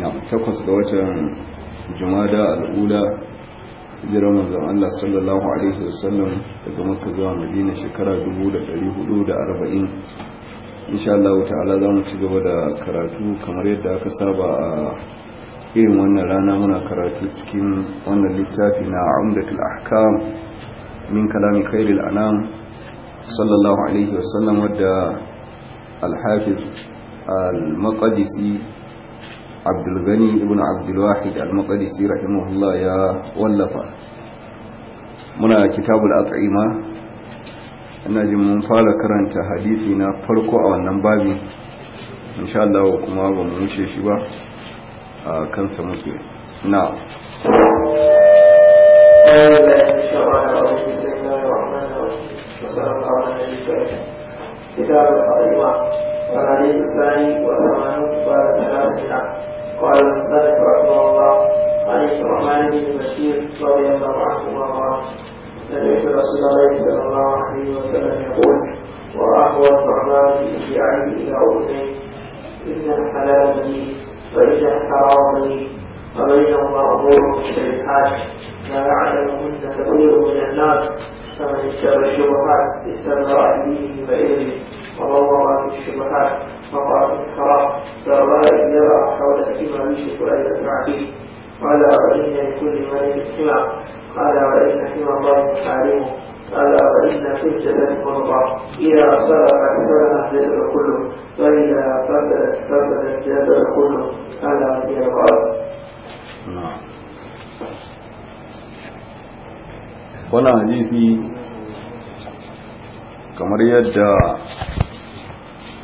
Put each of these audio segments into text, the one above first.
na takwas ga watan jumada al'ula hijirar manzon Allah sallallahu alaihi wasallam daga makka zuwa madina shekara 1440 insha Allah ta'ala zamu ci gaba da karatu kamar yadda aka saba a irin wannan rana muna karatu cikin wannan littafi na umdatul ahkam min kalami khairil anam sallallahu alaihi wasallam wadda al-hafiz al-maqdisi abdulgani ibn abdulwahid al-maqdisi rahimahullah ya wallafa muna kitabul at'ima ina jin mun fara karanta hadisi na farko a wannan babi insha Allah kuma ba mu wuce shi ba a kansa muke na كتاب القائمة والحديث الثاني وثمانون قال ثلاثة قال المصنف رحمه الله عن الرحمن بن بشير رضي الله عنه وارضاه سمعت رسول الله صلى الله عليه وسلم يقول وأهوى الرحمن بإشعاري إلى أذنيه إن الحلال لي وإن الحرام لي فبينهما أمور الحاج ما يعلمهن كثير من الناس فمن اشترى الشبهات استمر به بعلمه وضوى في الشبهات وقال في الحرام فلا يرى حول السمع يوسف ان يسمع به قال وان لكل ملك حمى قال وان حمى الله حارمه قال وان في الجسد مرضى اذا صرفت صرفت الجسد كله واذا فسدت فسد الجسد كله قال وان قال wannan hadisi kamar yadda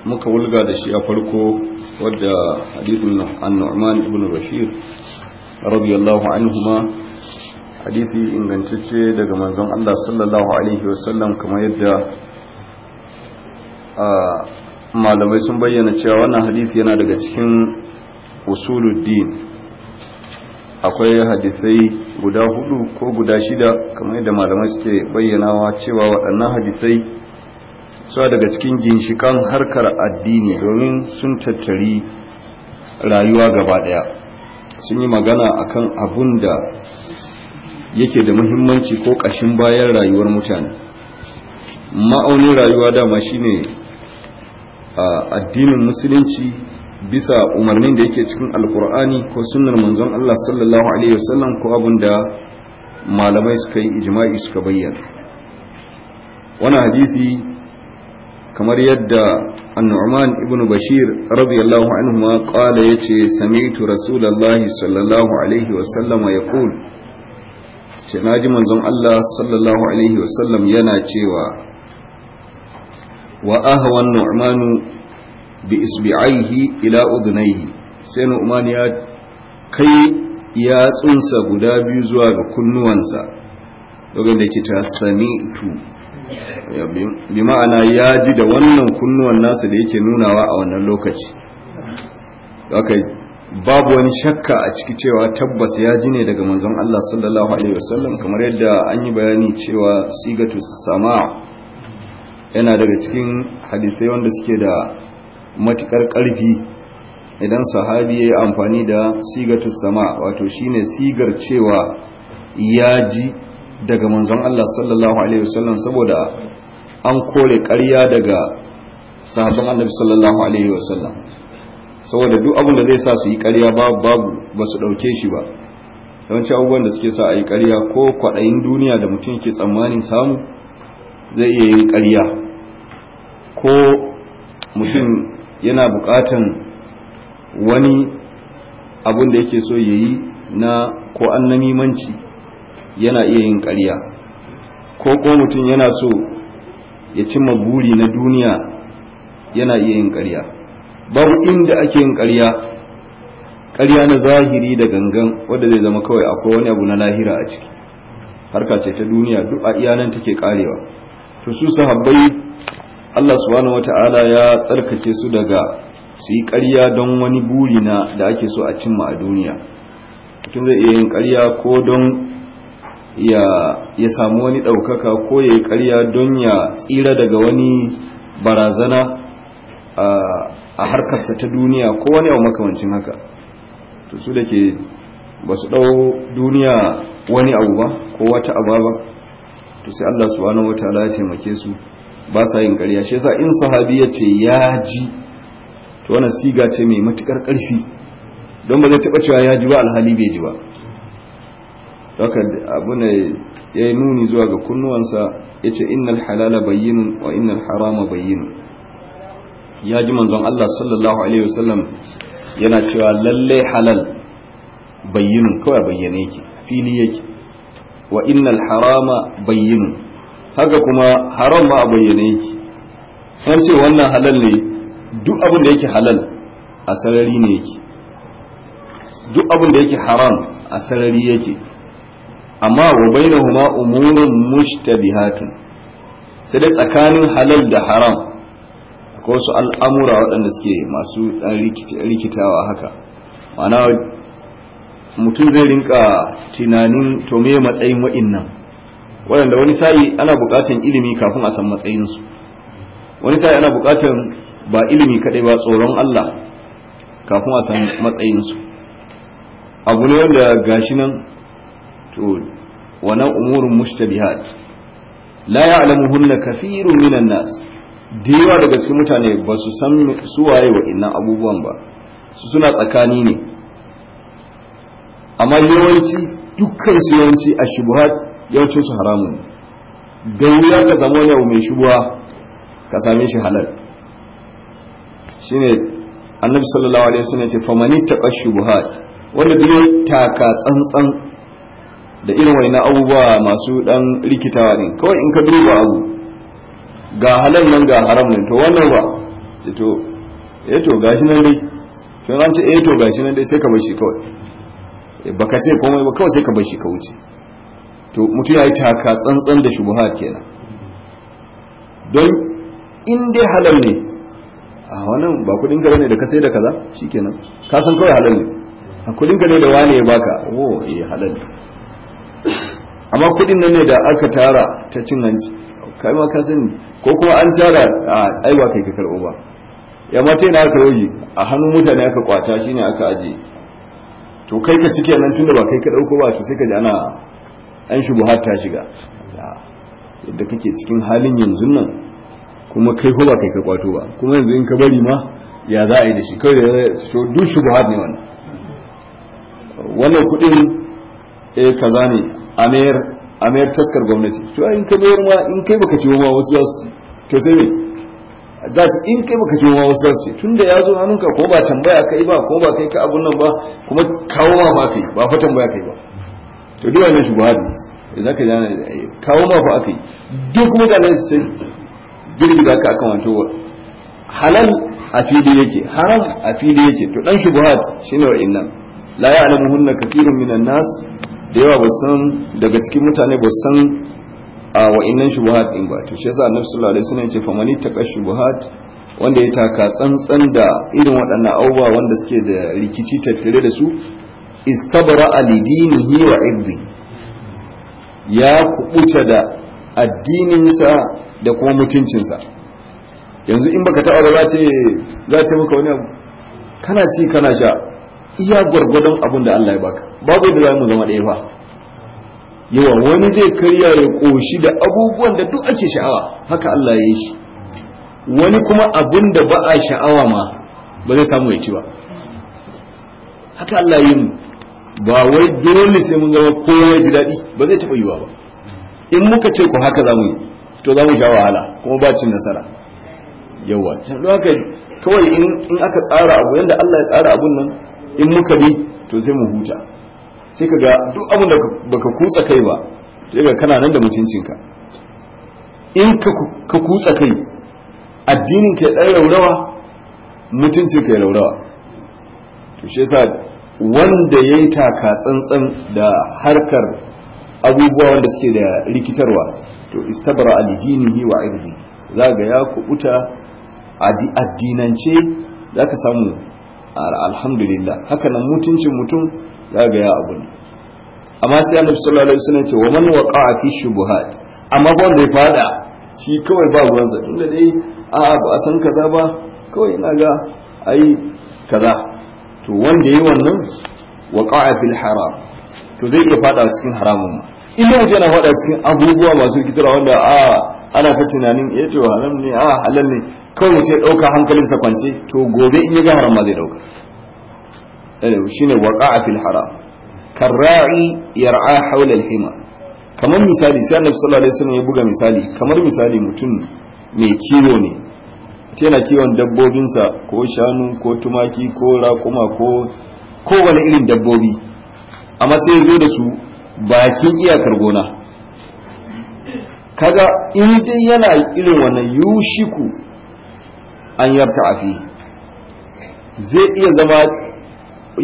muka wulga da shi a farko wadda hadithun annu'man ibn bashir radiyallahu anhuma hadithi ingantacce daga manzon Allah sallallahu alaihi wasallam kamar yadda malamai sun bayyana cewa wannan hadisi yana daga cikin usuluddin akwai hadisai guda hudu ko guda shida kamar yadda malamai suke bayyanawa cewa waɗannan hadisai Suwa daga cikin ginshikan harkar addini domin sun tattari rayuwa gaba daya sun yi magana akan abun da yake da muhimmanci ko ƙashin bayan rayuwar mutane ma'aunin rayuwa dama shine addinin musulunci bisa umarnin da yake cikin alkur'ani ko sunnar manzon Allah sallallahu alaihi wasallam ko abun da malamai suka yi ijma'i suka bayyana wannan hadisi kamar yadda annu'man ibn bashir radiyallahu anhu ma qala yace sami'tu rasulullahi sallallahu alaihi wa sallam yaqul ce naji manzon Allah sallallahu alaihi wa sallam yana cewa wa ahwa annu'man bi isbi'aihi ila udhnayhi sai annu'man ya kai yatsunsa guda biyu zuwa ga kunnuwansa lokacin da yake ta sami'tu bi ma'ana ya ji da wannan kunnuwan nasu da yake nunawa a wannan lokaci babu wani shakka a ciki cewa tabbas ya ji ne daga manzon Allah sallallahu alaihi wasallam kamar yadda an yi bayani cewa sigatu sama yana daga cikin hadisai wanda suke da matukar ƙarfi idan sahabi ya yi amfani da sigatu sama wato shine sigar cewa ya ji daga manzon Allah sallallahu alaihi wasallam saboda an kore ƙarya daga sahabban annabi sallallahu alaihi wasallam saboda duk abin da zai sa su yi ƙarya babu babu ba su ɗauke shi ba yawanci abubuwan da suke sa a yi ƙarya ko kwaɗayin duniya da mutum yake tsammanin samu zai iya yin ƙarya ko mutum yana buƙatan wani abin da yake so ya yi na ko an namimanci yana iya yin ƙarya ko ko mutum yana so ya cimma buri na duniya yana iya yin ƙarya babu inda ake yin ƙarya ƙarya na zahiri da gangan wadda zai zama kawai akwai wani abu na lahira a ciki harka ce ta duniya duk a iyanan take karewa to su sahabbai Allah subhanahu wata'ala ya tsarkake su daga su yi ƙarya don wani buri na da ake so a cimma a duniya mutum zai iya yin ƙarya ko don ya samu wani ɗaukaka ko ya yi ƙarya don ya tsira daga wani barazana a harkarsa ta duniya ko wani abu makamancin haka to su da ke ba su ɗau duniya wani abu ba ko wata abu ba to sai Allah subhanahu wataala ya taimake su ba sa yin ƙarya shi yasa in sahabi ya ce ya ji to wannan siga ce mai matukar ƙarfi don ba zai taɓa cewa ya ji ba alhali bai ji ba haka abu ne ya yi nuni zuwa ga kunnuwansa ya ce innal halala bayyinun wa innal harama bayyinun ya ji manzon Allah sallallahu alaihi wasallam yana cewa lalle halal bayyinun kawai bayyane yake fili yake wa innal harama bayyinun haka kuma haram ma a bayyane yake san ce wannan halal ne duk abin da yake halal a sarari ne yake duk abin da yake haram a sarari yake amma wa bainahuma umurun mushtabihatun sai da tsakanin halal da haram akwai wasu al'amura waɗanda suke masu rikitawa haka ma'ana mutum zai rinka tunanin to me matsayin wa'innan waɗanda wani sa'i ana buƙatar ilimi kafin a san matsayinsu wani sa'i ana buƙatar ba ilimi kaɗai ba tsoron Allah kafin a san matsayinsu abu ne wanda gashi nan Wannan umurin امور مشتبهات لا يعلمهن كثير من minan nas da daga cikin mutane ba su san su wa wa'annan abubuwan ba su suna tsakani ne amma yawanci dukkan su yawanci a shubuhat yawancin su haramun da wuya ka zama yau mai shubuwa ka same shi halal shine annabi sallallahu alaihi wasallam ya ce famani taqa shubuhat wanda duk taka tsantsan da irin wani abubuwa masu dan rikitawa ne kawai in ka duba abu ga halal nan ga haram nan to wannan ba sai to eh to gashi nan dai to an ce eh to gashi nan dai sai ka bar shi kawai eh baka ce komai ba kawai sai ka bar shi ka wuce to mutum ya yi taka tsantsan da shubuhat kenan don in dai halal ne a wannan ba kudin ka ne da ka sai da kaza shikenan ka san kawai halal ne a kudin ka ne da wani ya baka oh eh halal ne amma kudin nan ne da aka tara ta cin hanci kai ma ka sani ko kuma an tara a aiwa kai ka karɓo ba ya mata yana aka yi a hannun mutane aka kwata shine aka aje to kai ka cike nan tunda ba kai ka ɗauko ba to sai ka ji ana an shubu har ta shiga yadda kake cikin halin yanzu nan kuma kai ko ba kai ka kwato ba kuma yanzu in ka bari ma ya za a yi da shi kawai to duk shubu har ne wannan wannan kuɗin eh kaza ne a mayar taskar gwamnati to in ka mayar ma in kai baka ciwo ma wasu zasu su to sai me za su in kai baka ciwo ma wasu zasu su tunda ya zo hannunka ko ba tambaya kai ba ko ba kai ka abun nan ba kuma kawo ma ba kai ba fa tambaya kai ba to duk wannan shubuhari idan ka jana eh, kawo ma fa akai duk da mutane su girgiza ka akan wanto halal a fili yake haram a fili yake to dan shubuhat shine wa'annan la ya'lamuhunna kathirun minan nas da yawa ba san daga cikin mutane ba san a wa'innan shubuhat din ba to shi yasa annabi sallallahu alaihi wasallam ce famani taqa shubuhat wanda ya taka tsantsan da irin waɗannan Auba wanda suke da rikici tattare da su istabara alidinihi wa ibdi ya kubuta da addininsa da kuma mutuncinsa yanzu in baka taɓa ba za ce za ce maka wani abu kana ci kana sha iya gwargwadon abin da Allah ya baka babu da za mu zama ɗaya ba yawa wani zai karya ya ƙoshi da abubuwan da duk ake sha'awa haka Allah ya yi shi wani kuma abin da ba a sha'awa ma ba zai samu ya ci ba haka Allah ya yi ba wai dole sai mun zama kowa ji daɗi ba zai taɓa yiwa ba in muka ce ku haka za mu yi to za mu sha wahala kuma ba cin nasara yawa haka kawai in aka tsara abu yadda Allah ya tsara abun nan in muka bi to sai mu huta sai ka ga duk abin da baka kutsa kai ba sai ga kana nan da mutuncinka in ka kutsa kai addinin ka ya dan raurawa mutuncin ka ya raurawa to shi yasa wanda yayi taka tsantsan da harkar abubuwa wanda suke da rikitarwa to istabara al-dinihi wa irdi za ga ya kubuta addinance zaka samu alhamdulillah haka nan mutuncin mutum ya ga ya ne amma sai annabi sallallahu alaihi wasallam ce wa man waqa'a fi shubuhat amma ba wanda ya fada shi kawai ba ruwan sa da dai a ba san kaza ba kawai ina ga ai kaza to wanda yayi wannan waqa'a fil haram to zai iya fada cikin haramun ma ina yana fada cikin abubuwa masu kitara wanda a ana ta tunanin eh to haram ne a halal ne kawai mutum ya ɗauka hankalinsa kwance to gobe in ya ga haram ma zai ɗauka shine a fil haram karra'i yar'a hawla al hima kamar misali sai annabi sallallahu alaihi wasallam ya buga misali kamar misali mutum mai kiwo ne yana kiwon dabbobinsa ko shanu ko tumaki ko raƙuma ko kowane irin dabbobi amma sai ya zo da su bakin iyakar gona kaga in dai yana irin wannan yushiku an yarta a fi zai iya zama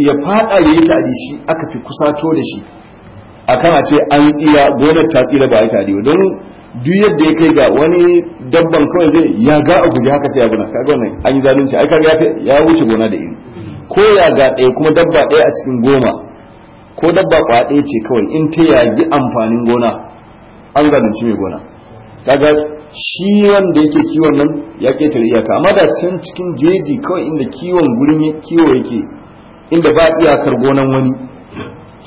ya fada ya yi tadi shi aka fi kusato da shi akan a ce an tsira gonar ta tsira ba a yi tadi don duk yadda ya kai ga wani dabban kawai zai ya ga a guji haka sai ya gona kaga wannan an yi zalunci ai kaga ya wuce gona da iri ko ya ga ɗaya kuma dabba ɗaya a cikin goma ko dabba kwa ɗaya ce kawai in ta yagi amfanin gona an zalunci mai gona kaga shi wanda yake kiwon nan ya ketare iyaka amma da can cikin jeji kawai inda kiwon gurin kiwo yake inda ba iyakar gonan wani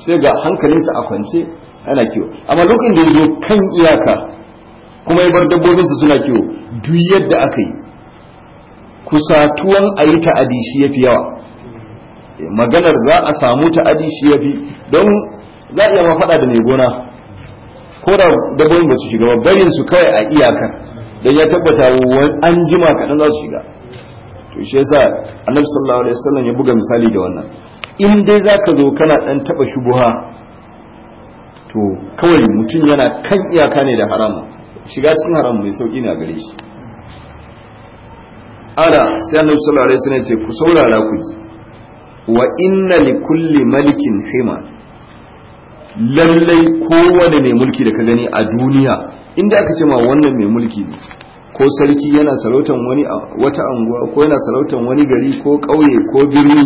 sai ga hankalinsa a kwance ana kiwo amma lokacin da ya zo kan iyaka kuma ya bar dabbobinsa suna kiwo duk yadda aka yi kusatuwan a yi ta'adi shi ya fi yawa eh, maganar za a samu ta'adi shi ya fi don za a iya mafaɗa da mai gona ko da dabbobin ba su shiga ba barin su kawai a iyakar dan ya tabbata an jima kaɗan za su shiga to shi yasa annabi sallallahu alaihi wasallam ya buga misali da wannan in dai zaka zo kana ɗan taba shubuha to kawai mutum yana kan iyaka ne da haramun shiga cikin haramun mai sauki a gare shi ala sai annabi sallallahu alaihi wasallam ya ce ku saurara ku ji wa inna li kulli malikin hima lallai kowane mai mulki da ka gani a duniya inda aka ce ma wannan mai mulki ne ko sarki yana sarautan wani wata anguwa ko yana sarautan wani gari ko ƙauye ko birni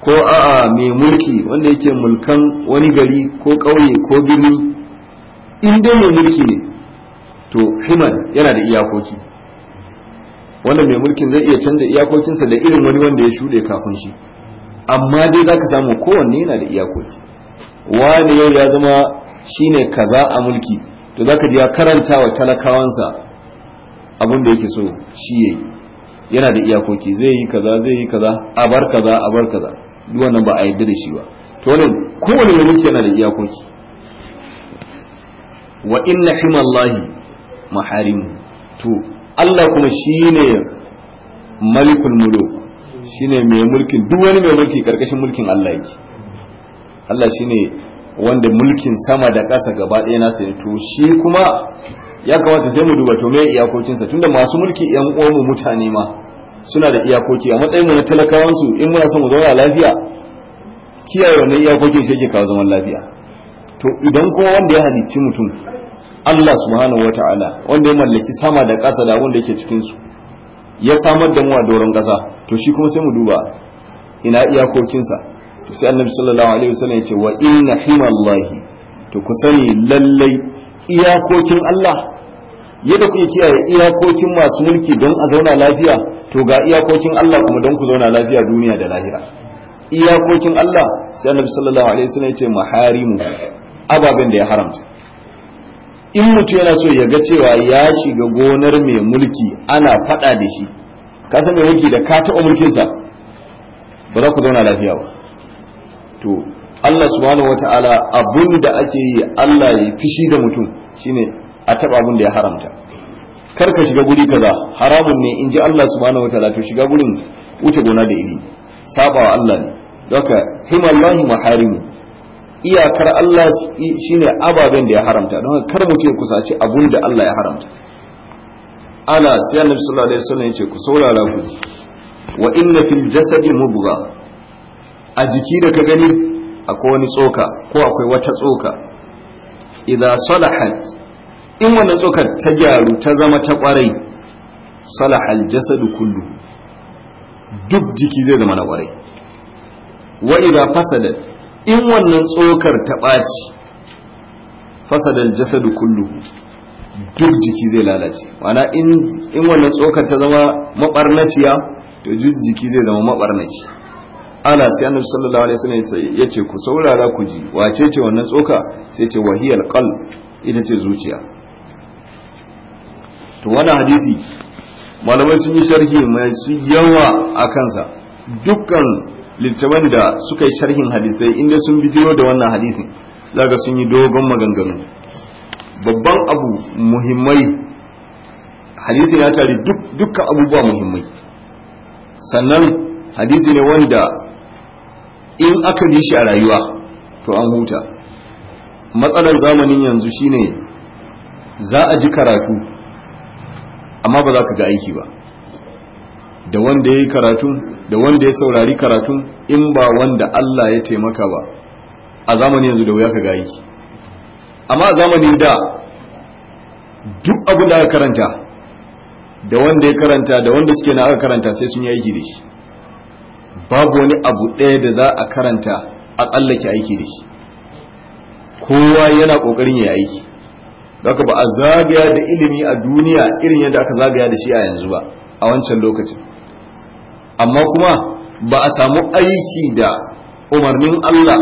ko a'a mai mulki wanda yake mulkan wani gari ko ƙauye ko birni inda mai mulki ne to himan yana da iyakoki wanda mai mulkin zai iya canza iyakokinsa da irin wani wanda ya shuɗe kafin shi amma dai za ka samu kowanne yana da iyakoki wani yau ya zama shine kaza a mulki to zaka ji ya karanta wa talakawansa abin da yake so shi yayi yana da iyakoki zai yi kaza zai yi kaza a bar kaza a bar kaza duk wannan ba a yarda da shi ba to wannan kowane wani yana da iyakoki wa inna himallahi maharim to Allah kuma shine malikul muluk shine mai mulkin duk wani mai mulki karkashin mulkin Allah yake Allah shine wanda mulkin sama da ƙasa gaba ɗaya nasa ne to shi kuma ya kamata sai mu duba to me iyakokinsa tunda masu mulki yan uwanmu mutane ma suna da iyakoki a matsayin mu na talakawan su in muna son mu zauna lafiya kiyaye wannan iyakokin shi yake kawo zaman lafiya to idan kuma wanda ya halicci mutum Allah subhanahu wataala wanda ya mallaki sama da ƙasa da wanda yake cikin su ya samar da mu a doron ƙasa to shi kuma sai mu duba ina iyakokinsa to sai annabi sallallahu alaihi wasallam yace wa inna himallahi to ku sani lallai iyakokin Allah yadda kuke kiyaye iyakokin masu mulki don a zauna lafiya to ga iyakokin Allah kuma don ku zauna lafiya duniya da lahira iyakokin Allah sai annabi sallallahu alaihi wasallam yace maharimu ababen da ya haramta in mutum yana so ya ga cewa ya shiga gonar mai mulki ana faɗa da shi ka san mai mulki da ka taɓa mulkinsa ba za ku zauna lafiya ba to Allah subhanahu wataala abun da ake yi Allah ya fishi da mutum shine a taba abun da ya haramta kar ka shiga guri kaza haramun ne in ji Allah subhanahu wataala to shiga gurin wuce gona da iri sabawa Allah ne doka himallahi maharimu iyakar Allah shine ababen da ya haramta don kar mutum ya kusaci abun da Allah ya haramta ala sai annabi sallallahu alaihi wasallam yace ku saurara ku wa inna fil jasadi mudghah a jiki da ka gani akwai wani tsoka ko akwai wata tsoka idza salahat in wannan tsokar ta gyaru ta zama ta kwarai salahal jasadu kullu duk jiki zai zama na kwarai wa idza fasadat in wannan tsokar ta ɓaci fasadal jasadu kullu duk jiki zai lalace wana in wannan tsokar ta zama maɓarnaciya to duk jiki zai zama maɓarnaci ala sai annabi sallallahu alaihi wasallam ya ce ku saurara ku ji wace ce wannan tsoka sai ce wahiyal qal ita ce zuciya to wannan hadisi malamai sun yi sharhi mai su yawa a kansa dukkan littafan da suka yi sharhin hadisai inda sun bidiyo da wannan hadisin zaka sun yi dogon maganganu babban abu muhimmai hadisi ya tare dukkan abubuwa muhimmai sannan hadisi ne wanda in aka bi shi a rayuwa to an huta matsalar zamanin yanzu shine za a ji karatu amma ba za ka ga aiki ba da wanda ya yi karatu da wanda ya saurari karatun in ba wanda Allah ya taimaka ba a zamanin yanzu da wuya ka ga aiki amma a zamanin da duk abin da aka karanta da wanda ya karanta da wanda suke na aka karanta sai sun yi aiki da shi babu wani abu ɗaya da za a karanta a tsallake aiki da shi kowa yana ƙoƙarin ya aiki daga ba a zagaya da ilimi a duniya irin yadda aka zagaya da shi a yanzu ba a wancan lokacin amma kuma ba a samu aiki da umarnin Allah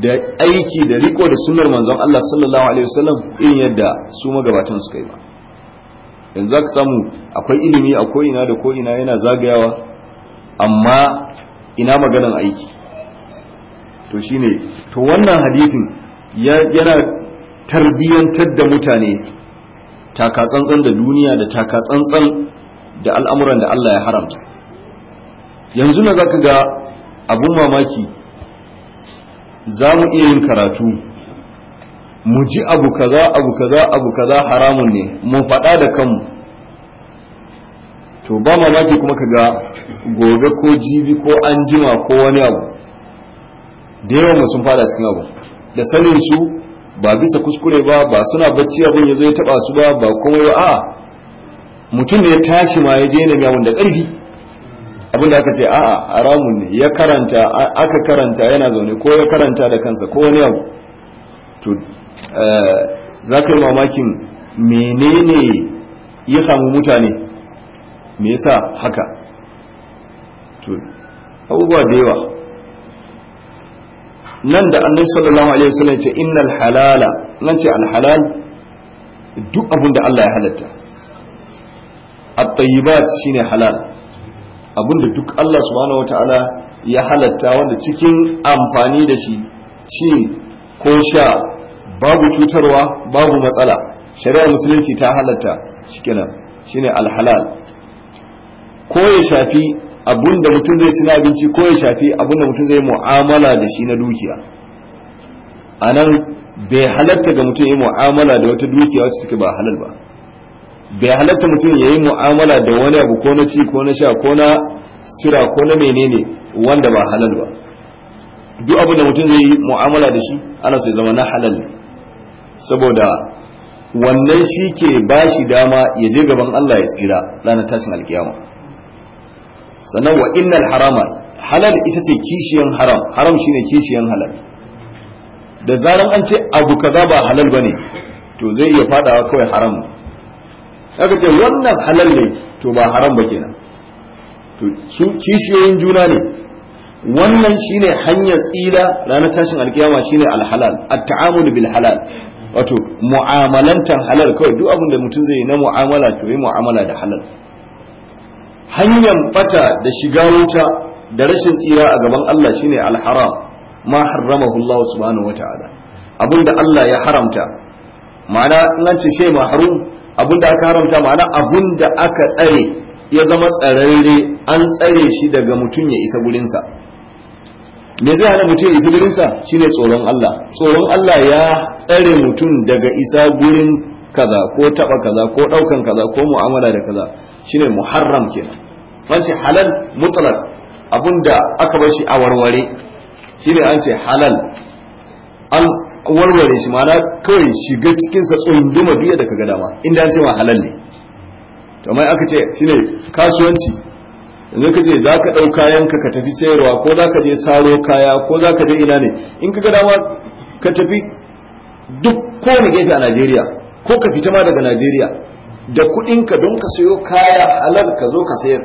da aiki da riko da sunar manzon Allah sallallahu alaihi wasallam irin yadda su magabatan suka yi ba yanzu ka samu akwai ilimi a ko'ina da ko'ina yana zagayawa amma ina maganan aiki to shine to wannan hadithin yana tarbiyantar da mutane takatsantsan da duniya da takatsantsan da al'amuran da Allah ya haramta yanzu na zaka ga abun mamaki za mu iya yin karatu mu ji abu kaza abu kaza abu kaza haramun ne mu faɗa da kanmu to ba mamaki kuma ka ga gobe ko jibi ko anjima ko wani abu da yawan sun fada cikin abu da sanin su ba bisa kuskure ba ba suna bacci abin ya zo ya taba su ba ba kuma ya a mutum ne ya tashi ma ya je na abin da karfi. abin da aka ce a'a haramun ne ya karanta aka karanta yana zaune ko ya karanta da kansa ko wani abu to eh, za ka yi mamakin menene ya samu mutane me yasa haka to abubuwa da yawa nan da annabi sallallahu alaihi wasallam ce innal halala nan ce alhalal duk abun da Allah ya halatta at-tayyibat shine halal abun da duk Allah subhanahu wataala ya halatta wanda cikin amfani da shi ci ko sha babu cutarwa babu matsala shari'ar musulunci ta halatta shikenan shine alhalal ko ya shafi abun da mutum zai ci abinci ko ya shafi abun da mutum zai mu'amala da shi na dukiya a nan bai halatta ga mutum ya yi mu'amala da wata dukiya wacce take ba halal ba bai halatta mutum ya yi mu'amala da wani abu ko na ci ko na sha ko na sutura ko na menene wanda ba halal ba duk abin da mutum zai yi mu'amala da shi ana so ya zama na halal ne saboda wannan shi ke ba shi dama ya je gaban Allah ya tsira ranar tashin alkiyama sannan wa innal harama halal ita ce kishiyan haram haram shine kishiyan halal da zaran an ce abu kaza ba halal bane to zai iya fadawa kawai haram ce wannan halal ne to ba haram ba kenan to su kishiyoyin juna ne wannan shine hanyar tsira ranar tashin alkiyama shine alhalal at-ta'amul bil halal wato mu'amalantan halal kawai duk abin da mutum zai yi na mu'amala to yi mu'amala da halal hanyar bata da shiga wuta da rashin tsira a gaban Allah shine alharam ma harramahu Allah subhanahu wataala abinda Allah ya haramta ma'ana in an ce shay mahrum abinda aka haramta ma'ana abinda aka tsare ya zama tsararre an tsare shi daga mutum ya isa gurinsa me zai hana mutum ya isa gurinsa shine tsoron Allah tsoron Allah ya tsare mutum daga isa gurin kaza ko taba kaza ko daukan kaza ko mu'amala da kaza shine muharram kenan ce halal mutlaq abunda aka bar shi a warware shine an ce halal an warware shi ma'ana kawai shiga cikin sa tsunduma biya da kaga dama inda an ce ma halal ne to mai aka ce shine kasuwanci yanzu ka ce za ka ɗau kayanka ka tafi sayarwa ko za ka je saro kaya ko za ka je ina ne in ka ga dama ka tafi duk kowane gefe a najeriya ko ka fita ma daga najeriya da kuɗinka don ka sayo kaya halal ka zo ka sayar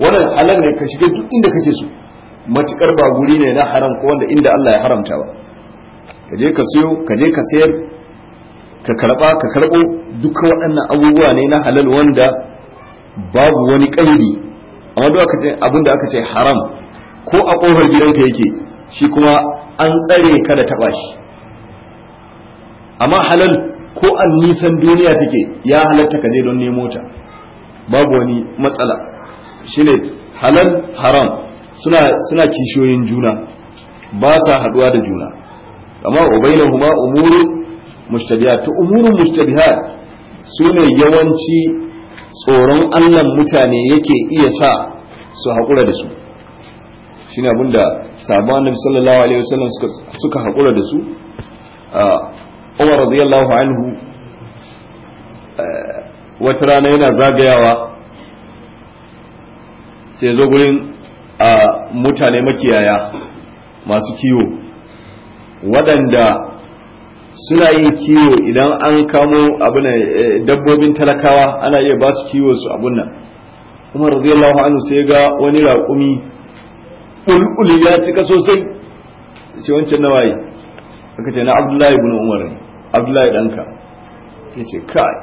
wannan halal ne ka shiga duk inda kake so matukar ba guri ne na haram ko wanda inda Allah ya haramta ba ka je ka sayo ka je ka sayar ka karba ka karbo duka waɗannan abubuwa ne na halal wanda babu wani kaidi amma duk aka ce abin da aka ce haram ko a kofar gidanka yake shi kuma an tsare ka da taba shi amma halal ko an nisan duniya take ya halatta ka je don nemo ta babu wani matsala shine halal haram suna suna kishiyoyin juna ba sa haduwa da juna amma ubainahuma umurun mushtabihat to umurun mushtabihat sune yawanci tsoron Allah mutane yake iya sa su haƙura da su shine abinda sabon annabi sallallahu alaihi wasallam suka haƙura da su ah, umar radiyallahu anhu eh, wata rana yana zagayawa sai zo gurin a mutane makiyaya masu kiwo waɗanda suna yin kiwo idan an kamo abin eh, dabbobin talakawa ana iya ba su kiwo su abun nan kuma radiyallahu anhu sai ga wani raƙumi ƙulƙuli ya cika sosai ce wancan nawayi aka ce na abdullahi ibn umar ne abdullahi ɗanka ya ce kai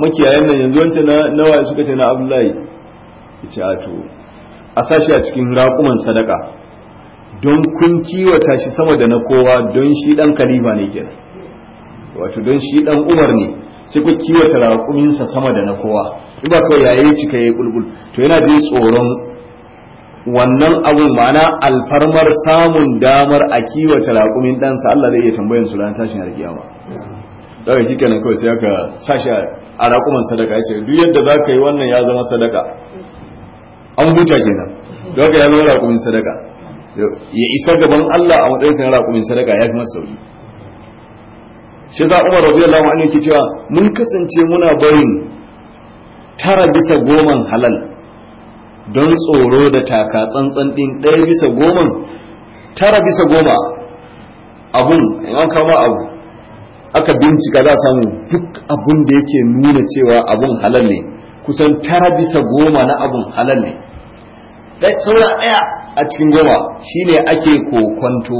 makiyayen nan yanzu wancan na waye suka ce na abdullahi ya ce a a sashi a cikin raƙuman sadaka don kun kiwata shi sama da na kowa don shi ɗan kalifa ne kenan wato don shi ɗan umar ne sai ku kiwata raƙuminsa sama da na kowa in ba kawai yayi cika yi bulbul to yana jin tsoron wannan abun mana alfarmar samun damar a kiwata raƙumin ɗansa Allah zai iya tambayan su ran tashin alkiyama daga shi kenan kawai sai aka sashi a raƙuman sadaka ya ce duk yadda za ka yi wannan ya zama sadaka an huta kenan Da haka ya zama raƙumin sadaka ya isa gaban Allah a matsayin sa raƙumin sadaka ya fi masa sauki shi za Umar radiyallahu anhu yake cewa mun kasance muna barin tara bisa goman halal don tsoro da taka tsantsan ɗin ɗaya bisa goma tara bisa goma abun in an kama abu aka bincika za a samu duk abun da yake nuna cewa abun halal ne kusan tara bisa goma na abun halal ne saura ɗaya a cikin goma shine ake kokonto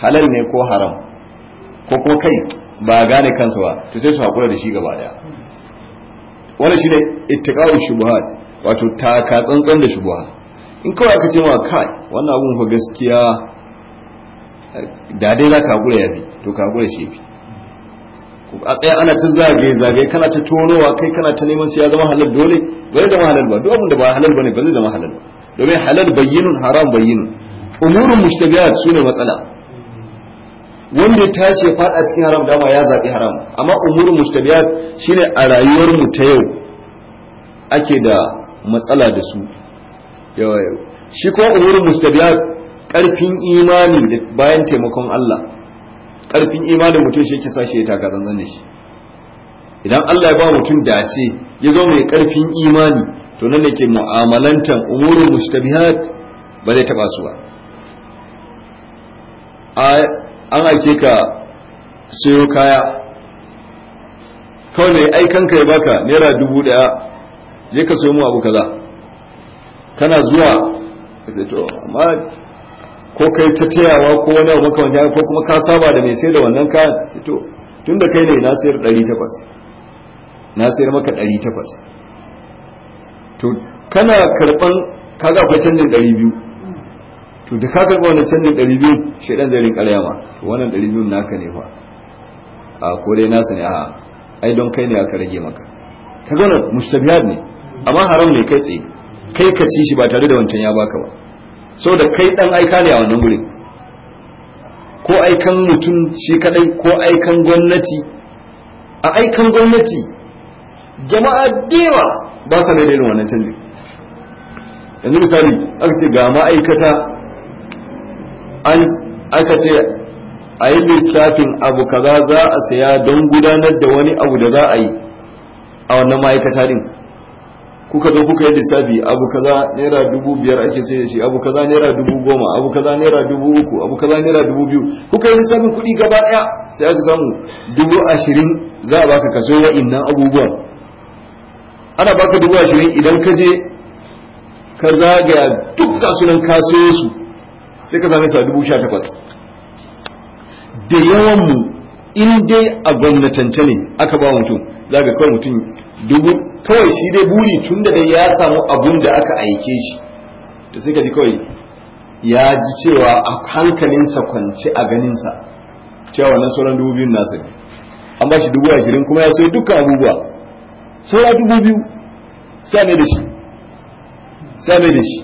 halal ne ko haram ko kuma kai ba gane kansa ba to sai su haƙura da shi gaba ɗaya shi shine ittiqa'u shubuhat wato ka tsantsan da shubuha in kawai aka ce ma kai wannan abun fa gaskiya da dai za ka gura ya bi to ka gura shi bi a tsaya ana ta zagaye zagaye kana ta tonowa kai kana ta neman sai ya zama halal dole ba zai zama halal ba duk abin da ba halal bane ba zai zama halal ba domin halal bayyinun haram bayyinun umurun su sune matsala wanda ya tashi ya fada cikin haram dama ya zaɓi haram amma umurun mushtabiyat shine a rayuwar mu ta yau ake da matsala da su shi kuma umurin mustabiya karfin imani da bayan taimakon Allah karfin imanin mutum shi yake sashi ya taka zanzan da shi idan Allah ya ba mutum dace ya zo mai karfin imani to nan da ke mu'amalantan umurin mustabihat ba zai taba su an ake ka sayo kaya kawai mai aikanka ya baka naira dubu daya je ka soyi mu abu kaza kana zuwa sai to amma ko kai ta tayawa ko wani abu kawai wanda ko kuma ka saba da mai sai da wannan kayan sai to tunda kai ne na sayar 800 na sayar maka 800 to kana karban kaga akwai canjin 200 to da ka karɓa wannan canjin ɗari biyu shaidan zai rinƙa rayama to wannan ɗari biyun naka ne fa a ko dai nasu ne a ai don kai ne aka rage maka ka gana mustabiyat ne amma haram ne kai tsaye kai ka ci shi ba tare da wancan ya baka ba da kai dan aika ne a wannan gurin ko aikan mutum shi kadai ko aikan gwamnati a aikan gwamnati jama'a dewa ba sa da wannan canji. yanzu misali aka ce ga ma'aikata an aka ce a yi lissafin abu kaza za a saya don gudanar da wani abu da za a yi a wannan ma'aikata din kuka zo kuka yi lissafi abu kaza naira dubu biyar ake sai shi abu kaza naira dubu goma abu kaza naira dubu uku abu kaza naira dubu biyu kuka yi lissafin kuɗi gaba ɗaya sai aka samu dubu ashirin za a baka kaso wa'innan abubuwan ana baka dubu ashirin idan ka je ka zagaya duk kasunan kasuwa su sai ka same su a dubu sha takwas da yawan mu in dai a gwamnatance ne aka ba mutum zaga kawai mutum dubu kawai shi dai buri tun da dai ya samu abun da aka aike shi to sai ka ji kawai ya ji cewa a hankalinsa kwance a ganinsa cewa wannan sauran dubu biyun nasa ne an ba shi dubu ashirin kuma ya soyi dukkan abubuwa sauran dubu biyu Sa mai da shi sai da shi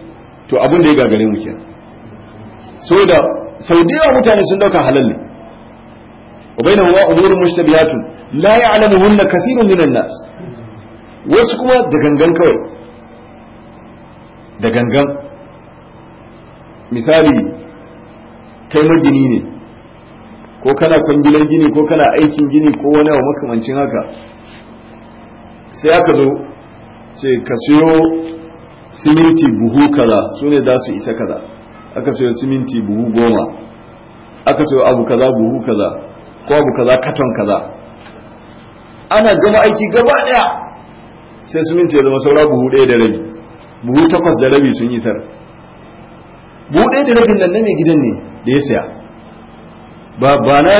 to abun da ya gagare mu kenan so da sau da yawa mutane sun dauka halal ne wa bainahu wa umurun mushtabiyatun la ya'lamuhunna kathirun minan nas wasu kuma da gangan kawai da gangan misali kai magini ne ko kana kwangilar gini ko kana aikin gini ko wani abu makamancin haka sai aka zo ce ka siyo siminti buhu kaza su ne za su isa kaza aka siyo siminti buhu goma aka siyo abu kaza buhu kaza ko abu kaza katon kaza ana gama aiki gaba daya sai siminti ya zama saura buhu ɗaya da rabi buhu takwas da rabi sun yi tar buhu ɗaya da rabin nan na mai gidan ne da ya saya ba ba na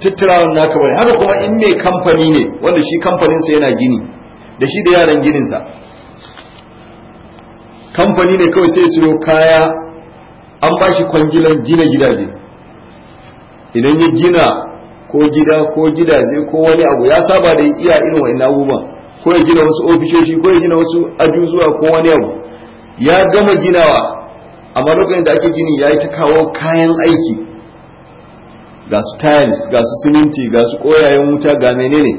tattirawan naka bane haka kuma in mai kamfani ne wanda shi kamfaninsa yana gini da shi da yaran gininsa kamfani ne kawai sai siyo kaya an ba shi kwangilan gina gidaje idan ya gina ko gida ko gidaje ko wani abu ya saba da iya irin wa'in abubuwan ko ya gina wasu ofishoshi ko ya gina wasu ajuzuwa ko wani abu ya gama ginawa amma lokacin da ake gini ya yi ta kawo kayan aiki ga su tiles ga su siminti ga su koyayen wuta ga menene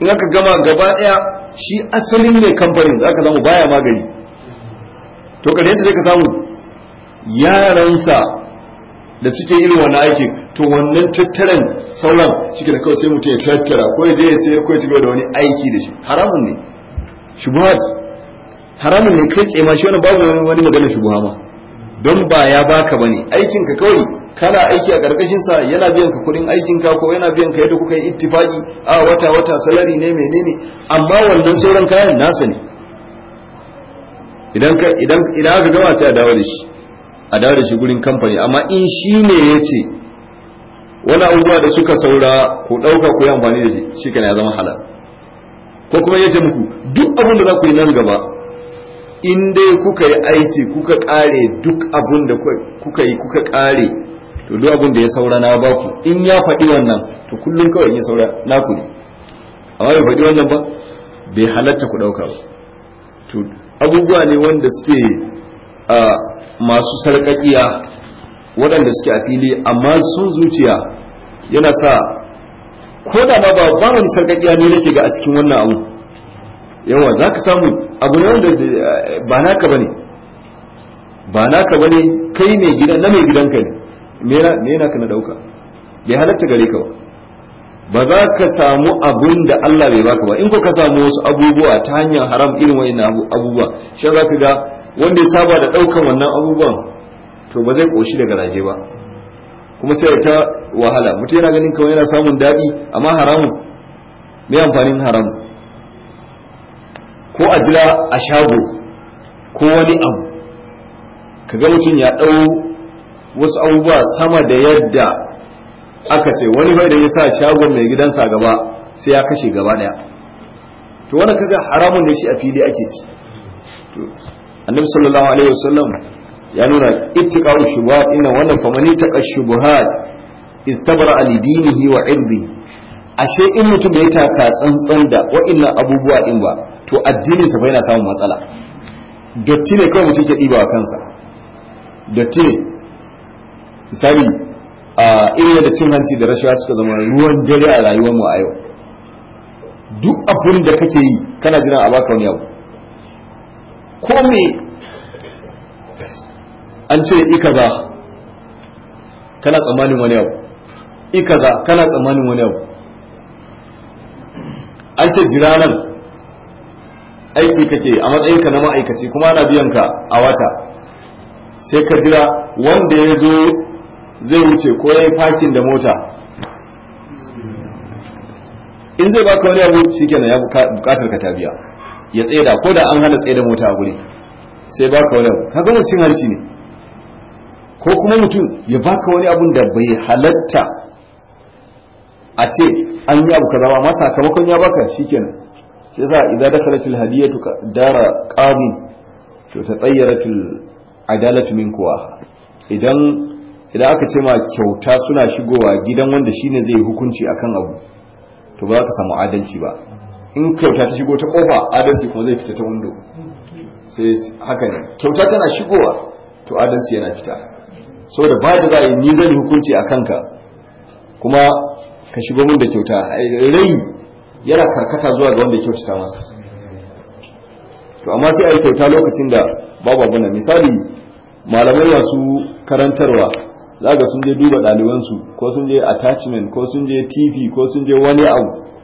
in aka gama gaba daya shi asalin ne kamfanin za ka samu baya magani to yadda zai ka samu yaransa da suke irin wani aiki. to wannan tattaran sauran shi da kawai sai mutum ya tattara ko ya je ya sayar ko ya ci da wani aiki da shi haramun ne shubuhat haramun ne kai tsaye ma shi wani babu wani magana shubuha ma don ba ya baka bane aikin ka kawai kana aiki a karkashin sa yana biyan ka kudin aikin ka ko yana biyan ka yadda kuka yi ittifaki a wata wata salari ne menene amma wannan sauran kayan nasa ne idan idan idan aka gama sai a dawo da shi a dawo da shi gurin kamfani amma in shi ne ya ce wani abubuwa da suka saura ku ɗauka ku yi amfani da shi shi ya zama halal ko kuma ya ce muku duk abin da za ku yi nan gaba in dai kuka yi aiki kuka ƙare duk abin da kuka yi kuka ƙare to duk abin da ya saura na ba ku in ya faɗi wannan to kullum kawai ya saura na ku ne amma bai faɗi wannan ba bai halatta ku ɗauka ba to abubuwa ne wanda suke masu sarƙaƙiya waɗanda suke a fili amma sun zuciya yana sa ko da ma ba wani sarƙaƙiya ne nake ga a cikin wannan abu yawa za ka samu abu ne wanda eh, ba naka bane ba naka ne kai mai gida na mai gidanka ne me yana ka na dauka bai halatta gare ka ba ba za ka samu abin da Allah bai baka ba in ko ka samu wasu abubuwa ta hanyar haram irin wa'in abubuwa shi za ka ga wanda ya saba da ɗaukan wannan abubuwan to ba zai ƙoshi daga raje ba kuma sai ta wahala mutum yana ganin kawai yana samun daɗi amma haramun mai amfanin haramun ko a jira a shago ko wani abu ga mutum ya ɗau wasu abubuwa sama da yadda aka ce wani bai da ya sa shagon mai gidansa gaba sai ya kashe gaba ɗaya to wani kaga haramun ne shi a fili ake ci annabi sallallahu alaihi wasallam ya nuna ittiqa'u shubuhat inna wannan fa man shubuhat istabra alidinihi wa irdihi ashe in mutum bai taka tsantsan da inna abubuwa din ba to addinin sa fa yana samun matsala dotti ne kawai mutum ke diba kansa dotti ne misali a irin da cin hanci da rashawa suka zama ruwan dare a rayuwar mu a yau duk abin da kake yi kana jiran a baka wani abu ko me an ce ikaza kana tsammanin wani abu ikaza kana tsammanin wani abu an ce jira nan aiki kake a matsayinka na ma'aikaci kuma ana biyan ka a wata sai ka jira wanda ya zo zai wuce ko ya yi fakin da mota in zai baka wani abu shi kenan ya bukatar ka ta biya ya tseda ko da an hana tseda mota a guri sai baka wani abu kaga cin hanci ne ko kuma mutum ya baka wani abun da bai halatta a ce an yi abu kaza amma sakamakon ya baka shikenan sai a idza dakhalatil hadiyatu dara qamin to ta tsayyaratil adalatu min kuwa idan idan aka ce ma kyauta suna shigowa gidan wanda shine zai hukunci akan abu to ba za ka samu adalci ba in kyauta ta shigo ta kofa adalci kuma zai fita ta windo sai haka ne kyauta tana shigowa to adalci yana fita saboda ba da za a yi ni zan hukunci a kanka kuma ka shigo min da kyauta rai yana karkata zuwa ga wanda kyautata masa to amma sai a yi kyauta lokacin da babu abu na misali malamai masu karantarwa za ga sun je duba ɗalibansu ko sun je attachment ko sun je tv ko sun je wani abu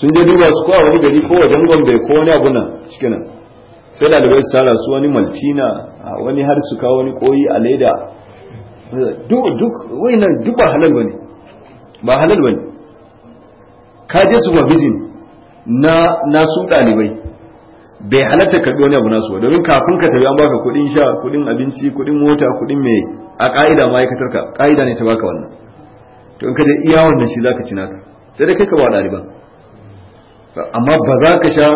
sun je duba su ko a wani gari ko wajen gombe ko wani abu nan cikin nan sai dalibai su tara su wani maltina wani har su kawo wani koyi a leda duk duk wayannan duk ba halal bane ba halal bane ka je bijin na na su dalibai bai halatta ka wani abu nasu ba domin kafin ka tafi an baka kudin sha kudin abinci kudin mota kudin mai a ka'ida ma'aikatar ka ka'ida ne ta baka wannan to in ka je iya wannan shi zaka ci naka sai da kai ka ba daliban amma ba za ka sha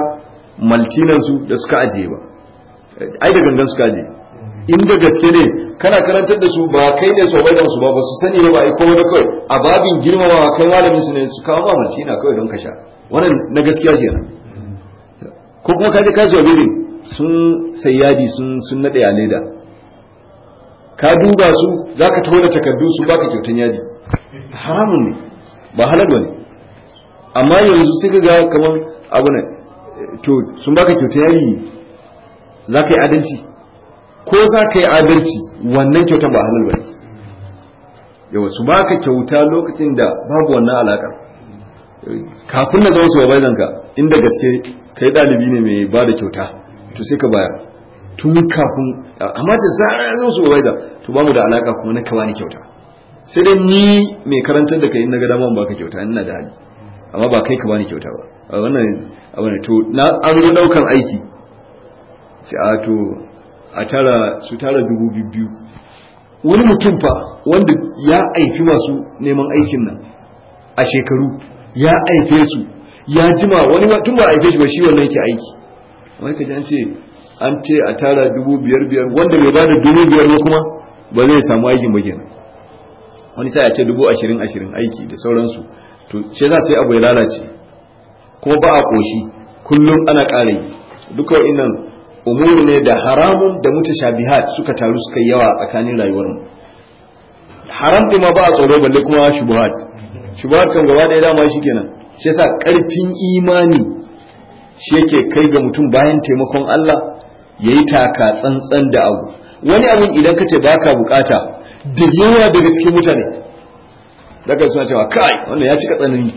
maltinansu da suka ajiye ba ai da gangan suka ajiye inda gaske ne kana karantar da su ba kai ne sobaidan su ba ba su sani ne ba ai kowa da kawai a babin girmama kai malamin su ne su kawo ba maltina kawai don ka sha wannan na gaskiya kenan ko kuma kaje kasuwa birin sun sai yadi sun sun nade a leda ka duba su za ka tona takardu su baka kyautan yadi haramun ne ba halal ne amma yanzu sai ga kamar abu ne to sun baka kyauta yayi za ka yi adalci ko za ka yi adalci wannan kyauta ba halal ba yawa su baka kyauta lokacin da babu wannan alaka kafin na zama su bayan zanka inda gaske kai dalibi ne mai ba da kyauta to sai ka baya tun kafin amma da zara ya zama su ba da to ba mu da alaka kuma na kawani kyauta sai dai ni mai karantar da kai in na ga dama ba ka kyauta ina da hali amma ba kai ka bani kyauta ba wannan abin to na an zo daukan aiki ce a to a tara su tara dubu biyu wani mutum fa wanda ya aifi masu neman aikin nan a shekaru ya aife su ya jima wani tun ba aife shi ba shi wannan yake aiki amma ka ji an ce an ce a tara dubu biyar biyar wanda bai bada dubu biyar ba kuma ba zai samu aikin ba kenan wani sai a ce dubu ashirin ashirin aiki da sauransu to za su sai abu ya lalace kuma ba a koshi kullum ana ƙara duka wa'innan umuru ne da haramun da shabihat suka taru suka yi yawa tsakanin rayuwar mu haram ma ba a tsoro balle kuma shubuhat shubuhat kan gaba ɗaya dama shi kenan shi yasa ƙarfin imani shi yake kai ga mutum bayan taimakon Allah yayi taka tsantsan da abu wani abin idan ka ce baka bukata da yawa daga cikin mutane daga suna cewa kai wannan ya cika tsanani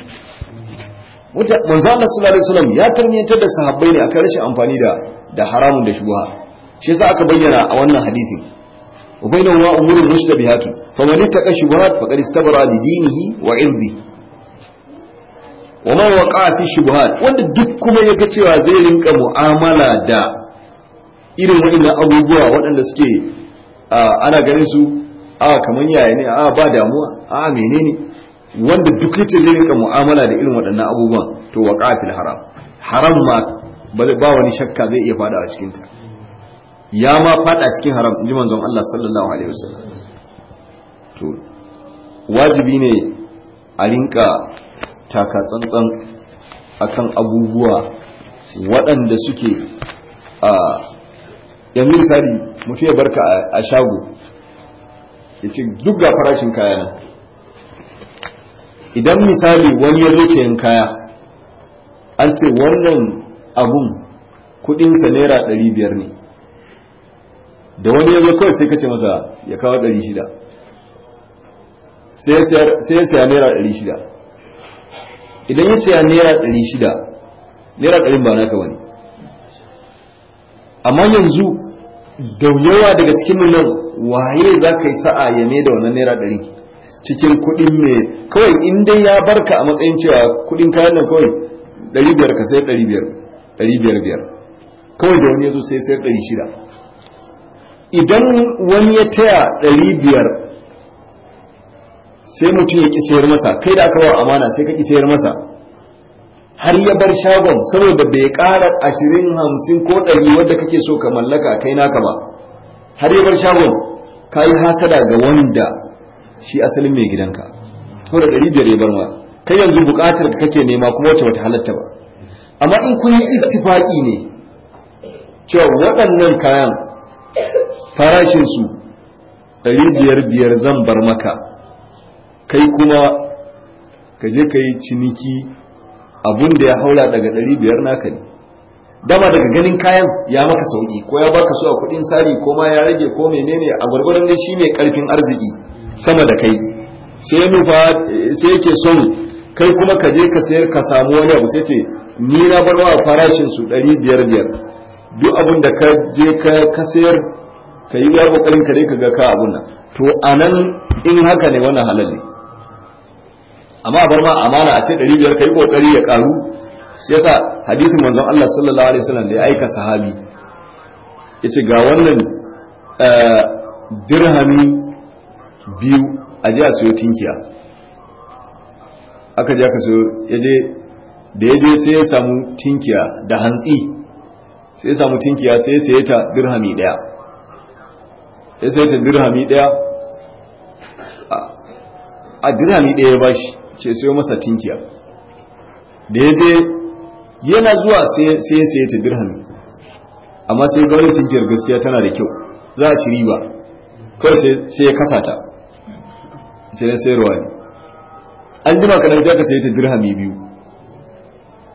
manzo Allah sallallahu alaihi wasallam ya tarmiyantar da sahabbai ne akan rashin amfani da da haramun da shubuha shi yasa aka bayyana a wannan hadisin ubainahu wa mushtabihat fa man ittaqa shubuhat faqad istabara li dinihi wa irdi wa man waqa fi shubuhat wanda duk kuma yaga cewa zai rinka mu'amala da irin waɗannan abubuwa waɗanda suke ana ganin su a kamar yaya ne a ba damuwa a menene wanda duk yace zai rika mu'amala da irin waɗannan abubuwan to wa qafil haram haram ma ba wani shakka zai iya fada a cikin ta ya ma fada cikin haram inji manzon Allah sallallahu alaihi wasallam to wajibi ne a rinka taka tsantsan akan abubuwa waɗanda suke a yanzu misali mutum ya barka a shago yace duk ga farashin kaya nan idan misali wani ya zo sayan kaya an ce wannan abun kudinsa naira 500 ne da wani ya zo kawai sai ka ce masa ya kawo 600 sai ya saya naira 600 idan ya saya naira 600 naira 100 ba naka wani amma yanzu da yawa daga cikin nan waye za ka yi sa'a ya da wannan naira ɗari cikin kuɗin me kawai in dai ya barka a matsayin cewa kuɗin kayan nan kawai ɗari biyar ka sai ɗari biyar ɗari biyar biyar kawai da wani ya zo sai sayar ɗari shida idan wani ya taya ɗari biyar sai mutum ya ƙi sayar masa kai da aka bawa amana sai ka ƙi sayar masa har ya bar shagon saboda bai ƙara ashirin hamsin ko ɗari wadda kake so ka mallaka kai naka ba har ya bar shagon ka yi hasada ga wanda shi asalin mai gidanka ko da ɗari biyar ya bar ma kai yanzu buƙatar ka kake nema kuma wacce bata halatta ba amma in kun yi ittifaqi ne cewa waɗannan kayan farashinsu ɗari biyar biyar zan bar maka kai kuma ka je ka yi ciniki abinda ya haula daga ɗari biyar naka ne dama daga ganin kayan ya maka sauki ko ya baka su a kudin sari ko ma ya rage ko menene a gwargwaron dai shi mai karfin arziki sama da kai sai nufa sai yake son kai kuma ka je ka sayar ka samu wani abu sai ce ni na bar wa farashin su 500 duk abin da ka je ka sayar ka yi ya kokarin ka dai ka ga ka abun nan to anan in haka ne wannan halal ne amma bar ma amana a ce 500 kai kokari ya karu shi yasa hadisin manzon Allah sallallahu alaihi wasallam da ya aika sahabi yace ga wannan eh, dirhami biyu a je a siyo tinkiya aka je aka siyo yaje da yaje sai ya samu tinkiya da hantsi sai ya samu tinkiya sai ya saye ta dirhami daya ya saye ta dirhami daya a dirhami daya ya bashi ce sayo masa tinkiya da ya je yana zuwa sai ya saye ta dirhami amma sai ga wani tinkiyar gaskiya tana da kyau za a ci riba kawai sai ya kasa ta sai na sayarwa ne an jima jaka sai ka saye ta dirhami biyu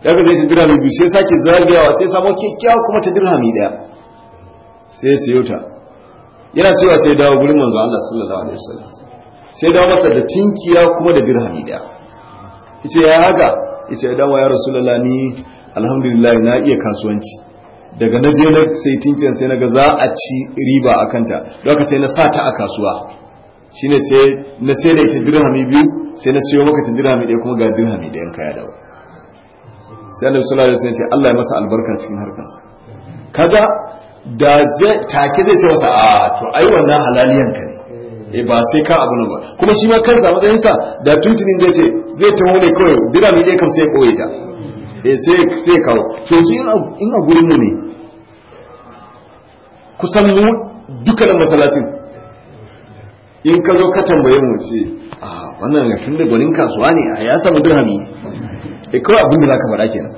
ya ka saye ta dirhami biyu sai sake zagayawa sai samu kyakkyawa kuma ta dirhami daya sai ya sayo ta yana cewa sai dawo gurin manzo Allah sallallahu alaihi wasallam sai dawo masa da tinkiya kuma da dirhami daya yace ya haka yace dawo ya rasulullah ni alhamdulillah na iya kasuwanci daga na je na sai tinkin sai naga za a ci riba a kanta don haka sai na sa ta a kasuwa shine sai na sai da ita dirhami biyu sai na siyo maka ta dirhami ɗaya kuma ga dirhami ɗayan ka ya dawo sai annabi sallallahu alaihi wasallam ce Allah ya masa albarka cikin harkarsa kaga da zai take zai ce masa a to ai wannan halaliyan ka ne eh ba sai ka abu ba kuma shi ma kansa matsayin sa da tuntunin zai ce zai tawo ne kawai dirhami ɗaya kam sai ya koye ta Eh, sai kawo to yanzu in a gurin mu ne kusan mu duka da masalacin in ka zo ka tambaye mu ce a ah, wannan rafin da gwanin kasuwa ne a ya samu dirhami e kawai abin da zaka faɗa kenan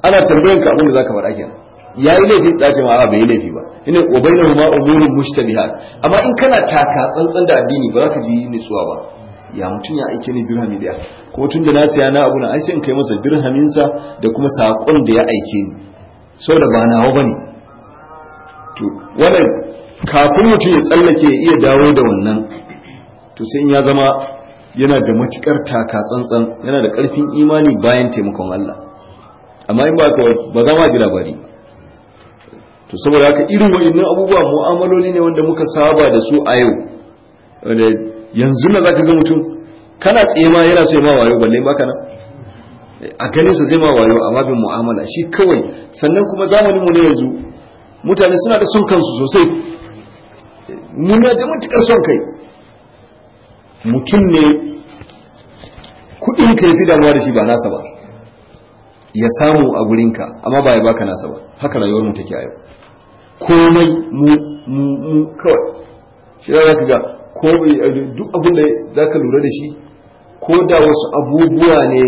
ana tambayan ka abin da zaka faɗa kenan ya yi laifi da ce ma bai yi laifi ba ina wa bainahuma umurun mushtabihat amma in kana taka tsantsan da addini ba za ka ji nutsuwa ba ya mutum ya aike ni dirhami daya Ko tun da na siya na abu na ai sai kai masa dirhaminsa da kuma sakon da ya aike ni da ba nawa bane to wannan kafin mutum ya tsallake ya iya dawo da wannan to sai ya zama yana da matukar taka tsantsan yana da karfin imani bayan taimakon Allah amma in ba ka ba za ma ji labari to saboda haka irin wa'annan abubuwa mu'amaloli ne wanda muka saba da su a yau yanzu na zaka ga mutum kana tsema yana so ya ma wayo balle baka nan a ganin sa zai ma wayo a babin mu'amala shi kawai sannan kuma zamanin mu ne yanzu mutane suna da son kansu sosai muna da matukar son kai mutum ne kudin ka yafi damuwa da shi ba nasa ba ya samu a gurinka amma ba ya baka nasa ba haka rayuwar mu take a yau komai mu mu kawai shi za ka ga ko eh, duk abin da za ka lura da shi ko da wasu abubuwa ne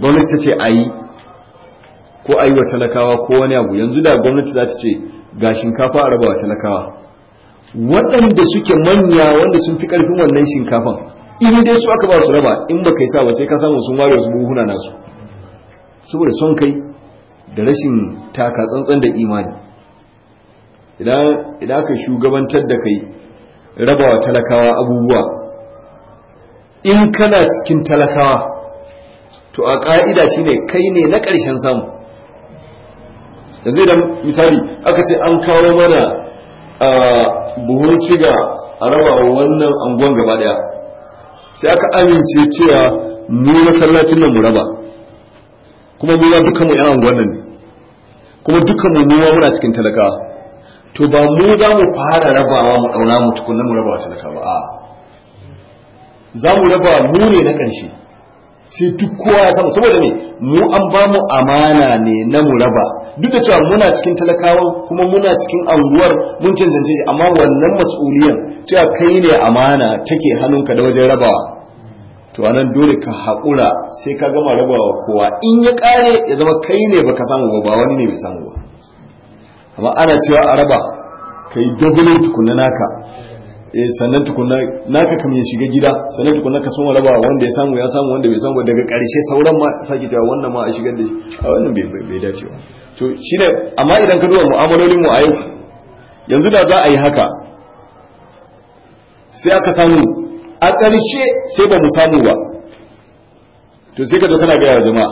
gwamnati ce a yi ko a yi wa talakawa ko wani abu yanzu da gwamnati za ta ce ga shinkafa a raba wa talakawa waɗanda suke manya wanda sun fi ƙarfin wannan shinkafan in dai su aka ba su raba in ba kai sa ba sai ka samu sun ware wasu buhuna nasu saboda son kai da rashin taka tsantsan da imani idan aka shugabantar da kai rabawa talakawa abubuwa in kana cikin talakawa to a ƙa'ida ne kai ne na ƙarshen samu yanzu idan misali aka ce an kawo mana buhun shiga a raba wannan anguwan gaba daya sai aka amince cewa mu masallacin nan mu raba kuma mu duka mu yan anguwan nan kuma duka mu muna cikin talakawa to ba mu za mu fara rabawa mu ɗauna mu tukunna mu rabawa talaka ba a za mu rabawa mu ne na ƙarshe sai duk kowa ya samu saboda ne mu an ba mu amana ne na mu raba duk da cewa muna cikin talakawa kuma muna cikin anguwar mun canzance shi amma wannan mas'uliyan cewa kai ne amana take ka da wajen rabawa to anan dole ka haƙura sai ka gama rabawa kowa in ya ƙare ya zama kai ne baka samu ba ba wani ne bai samu ba amma ana cewa a raba ka yi dagulin tukunna naka eh sannan tukunna naka kam ya shiga gida sannan tukunna ka soma raba wanda ya samu ya samu wanda bai samu daga karshe sauran ma sake cewa wannan ma a shigar da a wannan bai dace ba to shine amma idan ka duba mu'amalolin mu a yau yanzu da za a yi haka sai aka samu a ƙarshe sai ba mu samu ba to sai ka zo kana gaya jama'a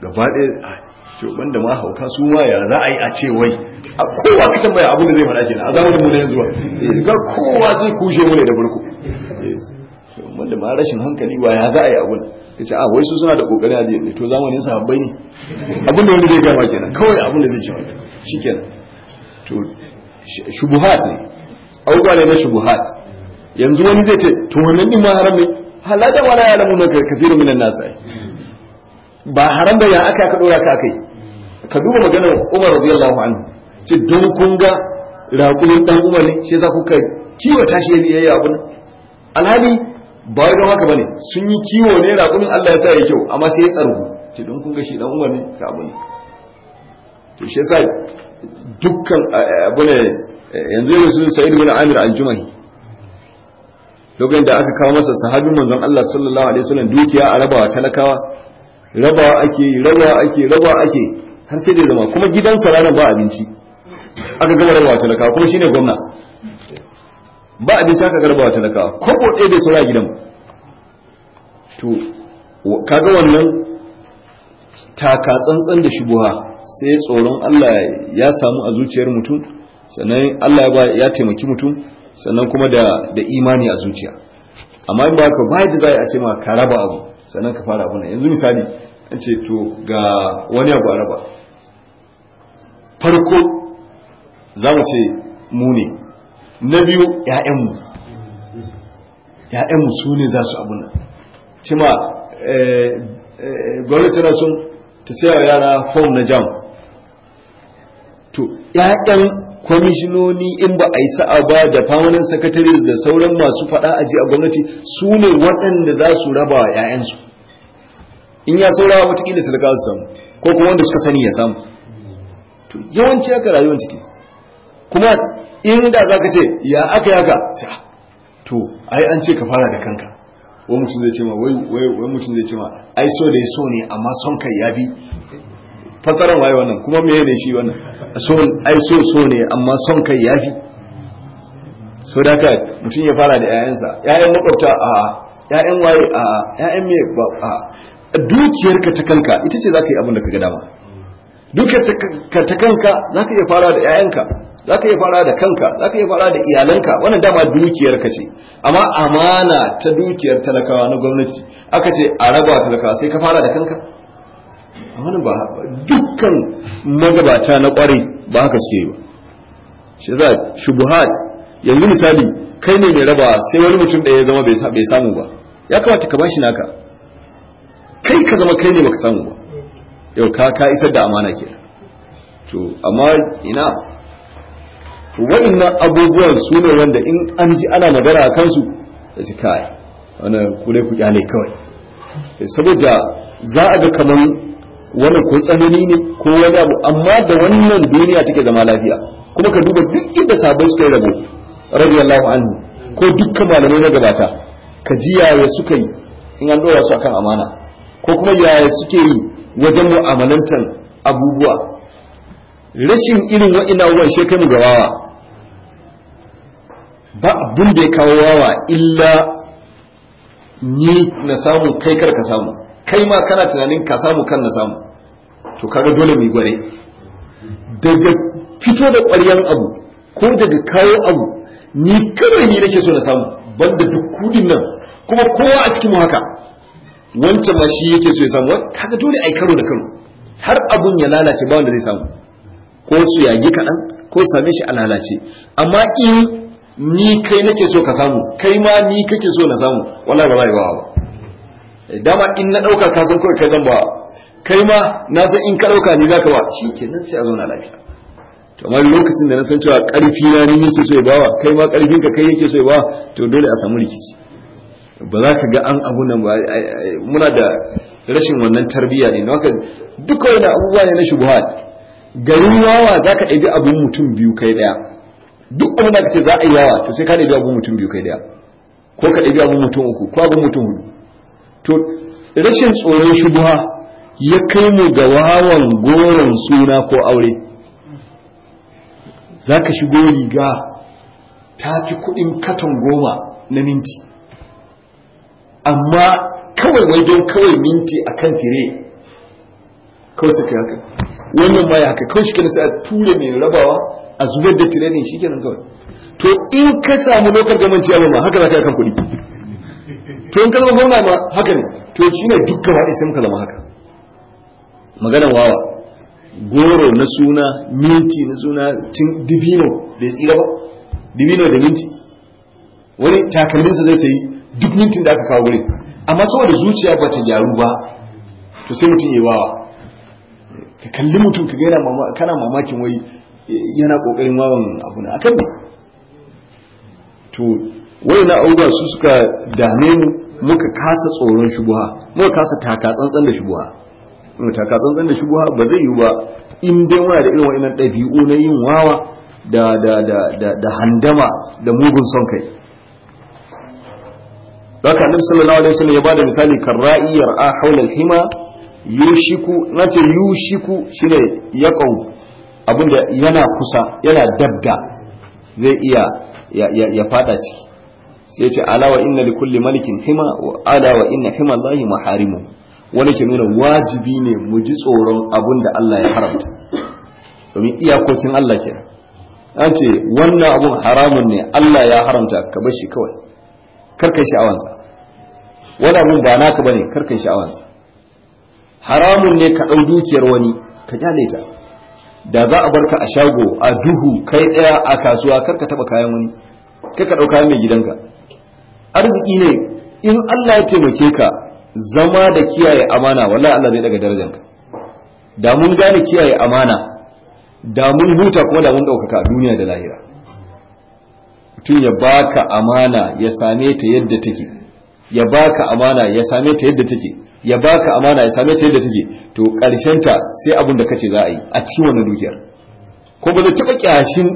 gaba ɗaya to banda ma hauka su ma ya za a yi a ce wai a kowa ka tambaya abin da zai faɗa kenan a zamanin mu na yanzu eh, ga kowa zai kushe mu ne da burku eh, da ma rashin hankali ba ya za a yi abin ya ce a ah, wai su suna da kokarin hadiyar ne to zamanin sahabbai ne abin da wani zai gama kenan kawai abin da zai ce mata shi to shubuhat ne auka ne na shubuhat yanzu wani zai ce to wannan din ma haram ne halada wala ya lamu na kafirin minan nasa ba haram ba ya aka ka dora ka akai ka duba maganar Umar radiyallahu anhu ce don kun ga raƙulin dan Umar ne shi za kuka kiwata shi yayi abun alhali ba wai don haka bane sun yi kiwo ne raƙulin Allah ya sa ya kyau amma sai ya tsargu ce don kun ga shi dan Umar ne ka abu ne to shi yasa dukkan abu ne yanzu ne sun sa'id bin Amir al-Jumahi lokacin da aka kawo masa sahabin manzon Allah sallallahu alaihi wasallam dukiya a rabawa talakawa raba ake raba ake raba ake har sai dai zama kuma gidansa ranar ba abinci aka gama rabawa talakawa kuma shine gwamna ba abinci aka garbawa talakawa kwabo ɗaya bai sura gidan to kaga wannan taka tsantsan da shubuha sai tsoron Allah ya samu a zuciyar mutum sannan Allah ya taimaki mutum sannan kuma da imani a zuciya amma in ba ka ba da za a ce ma ka raba abu sannan ka fara abu yanzu misali an ce to ga wani abu a raba farko za mu ce mu ne na biyu ‘ya'yanmu ‘ya'yanmu su ne za su abu nan cima eh, eh, gwamnati na sun ta sayawa yara fom na jam to ‘ya'yan kwamishinoni in ba a yi sa'a ba da famanin sakatare da sauran masu faɗa aji a gwamnati su ne waɗanda za su raba wa ‘ya'yansu in ya saurawa ta talaka su samu ko kuma wanda suka sani ya samu To yawanci haka rayuwar ciki kuma in da za ka ce ya aka yi haka ah, to ai an ce ka fara da kanka wani mutum zai ce ma wai mutum zai ce ma ai so da ya so ne amma son kai ya bi fasaran waye wannan kuma me ne shi wannan so ai so so ne amma son kai ya bi so da haka mutum ya fara da 'ya'yansa 'ya'yan makwabta a 'ya'yan waye a 'ya'yan me ba a dukiyarka ta kanka ita ce za ka yi abin da ka ga dama dukiyarka ta kanka za ka iya fara da 'ya'yanka za ka iya fara da kanka za ka iya fara da iyalanka wannan dama dukiyarka ce amma amana ta dukiyar talakawa na gwamnati aka ce a raba talakawa sai ka fara da kanka wannan ba dukkan magabata na kwarai ba haka suke ba shi za shubuhat yanzu misali kai ne mai raba sai wani mutum da ya zama bai samu ba ya kamata ka bashi naka kai ka zama kai ne baka samu ba yau ka ka isar da amana ke to amma ina to wa'annan abubuwan su ne wanda in an ji ana magana a kansu da ji kai wannan ku ku kyale kawai eh, saboda za a ga kamar wani ko tsanani ne ko wani abu amma da wannan duniya take zama lafiya kuma ka duba duk inda sabai suka yi rabo Allah anhu ko dukkan malamai na gabata ka ji ya suka yi in an dora su akan amana ko kuma yaya suke yi wajen mu'amalantar abubuwa rashin irin wa'ina wa shi kai ga wawa ba abin da ya kawo wawa illa ni na samu kai kar ka samu kai ma kana tunanin ka samu kan na samu to kaga dole mu gware daga fito da ƙwaryan abu ko daga kawo abu ni kawai ni nake so na samu banda duk kudin nan kuma kowa a cikin mu haka wancan ma shi yake so ya samu kaga dole ai karo da karo har abun ya lalace ba wanda zai samu ko su yagi kaɗan ko same shi a lalace amma in ni kai nake so ka samu kai ma ni kake so na samu wallahi ba za ba dama in na ɗauka ka san kawai kai zan ba kai ma na san in ka ɗauka ni za ka ba shi kenan sai a zauna lafiya to amma lokacin da na san cewa ƙarfi na ni yake so ya bawa kai ma ƙarfin ka kai yake so ya bawa to dole a samu rikici ba za ka ga an abu nan ba muna da rashin wannan tarbiyya ne haka duka wani abubuwa ne na shubuhat garin yawa za ka ɗabi abin mutum biyu kai ɗaya duk abin da ce za a yi yawa to sai ka ɗabi abin mutum biyu kai ɗaya ko ka ɗabi abin mutum uku ko abin mutum hudu to rashin tsoron shubuha ya kai mu ga wawan goron suna ko aure za ka shigo riga ta fi kuɗin katon goma na minti amma kawai wai don kawai minti a kan tire kawai suka haka wannan ma ya haka kawai shikenan sai a ture mai rabawa a zubar da tire ne shi shikenan kawai to in ka samu lokacin gaman ciyarwa ma haka za ka yi kan kuɗi to in ka zama gwamna ma haka ne to shi ne duk gaba ɗaya sai muka zama haka maganan wawa goro na suna minti na suna cin dibino bai tsira ba dibino da minti wani takalminsa zai sayi duk mintin da aka kawo ne, amma saboda zuciya ba ta gyaru ba to sai mutum ya wawa ka kalli mutum ka gaina kana mamakin wai yana kokarin wawan abu na akan ne to wai na auga su suka dame mu muka kasa tsoron shubuha muka kasa taka tsantsan da shubuha mu taka tsantsan da shubuha ba zai yi ba in dai muna da irin wa'annan ɗabi'u na yin wawa da handama da mugun son kai haka annabi sallallahu alaihi wasallam ya bada misali kan ra'iyar a al hima yushiku nace yushiku shine yaqau abinda yana kusa yana dabda zai iya ya fada ciki sai ce ala wa inna kulli malikin hima wa ala wa inna hima allahi maharimu wani ke nuna wajibi ne mu ji tsoron da Allah ya haramta domin iyakokin Allah kenan an ce wannan abun haramun ne Allah ya haramta ka bar shi kawai karkai sha'awansa wani abun ba naka bane karkai sha'awansa haramun ne ka ɗau dukiyar wani ka kyale ta da za a barka a shago a duhu kai ɗaya a kasuwa karka taba kayan wani karka ɗau kayan mai gidanka arziki ne in Allah ya taimake ka zama da kiyaye amana wallahi Allah zai daga darajanka da mun gane kiyaye amana da mun huta kuma da mun ɗaukaka a duniya da lahira Tun ya baka amana ya same ta yadda take ya baka amana ya same ta yadda take ya baka amana ya same ta yadda take to karshen ta sai abin da kace za a yi a cikin wannan dukiyar ko ba zai taba kyashin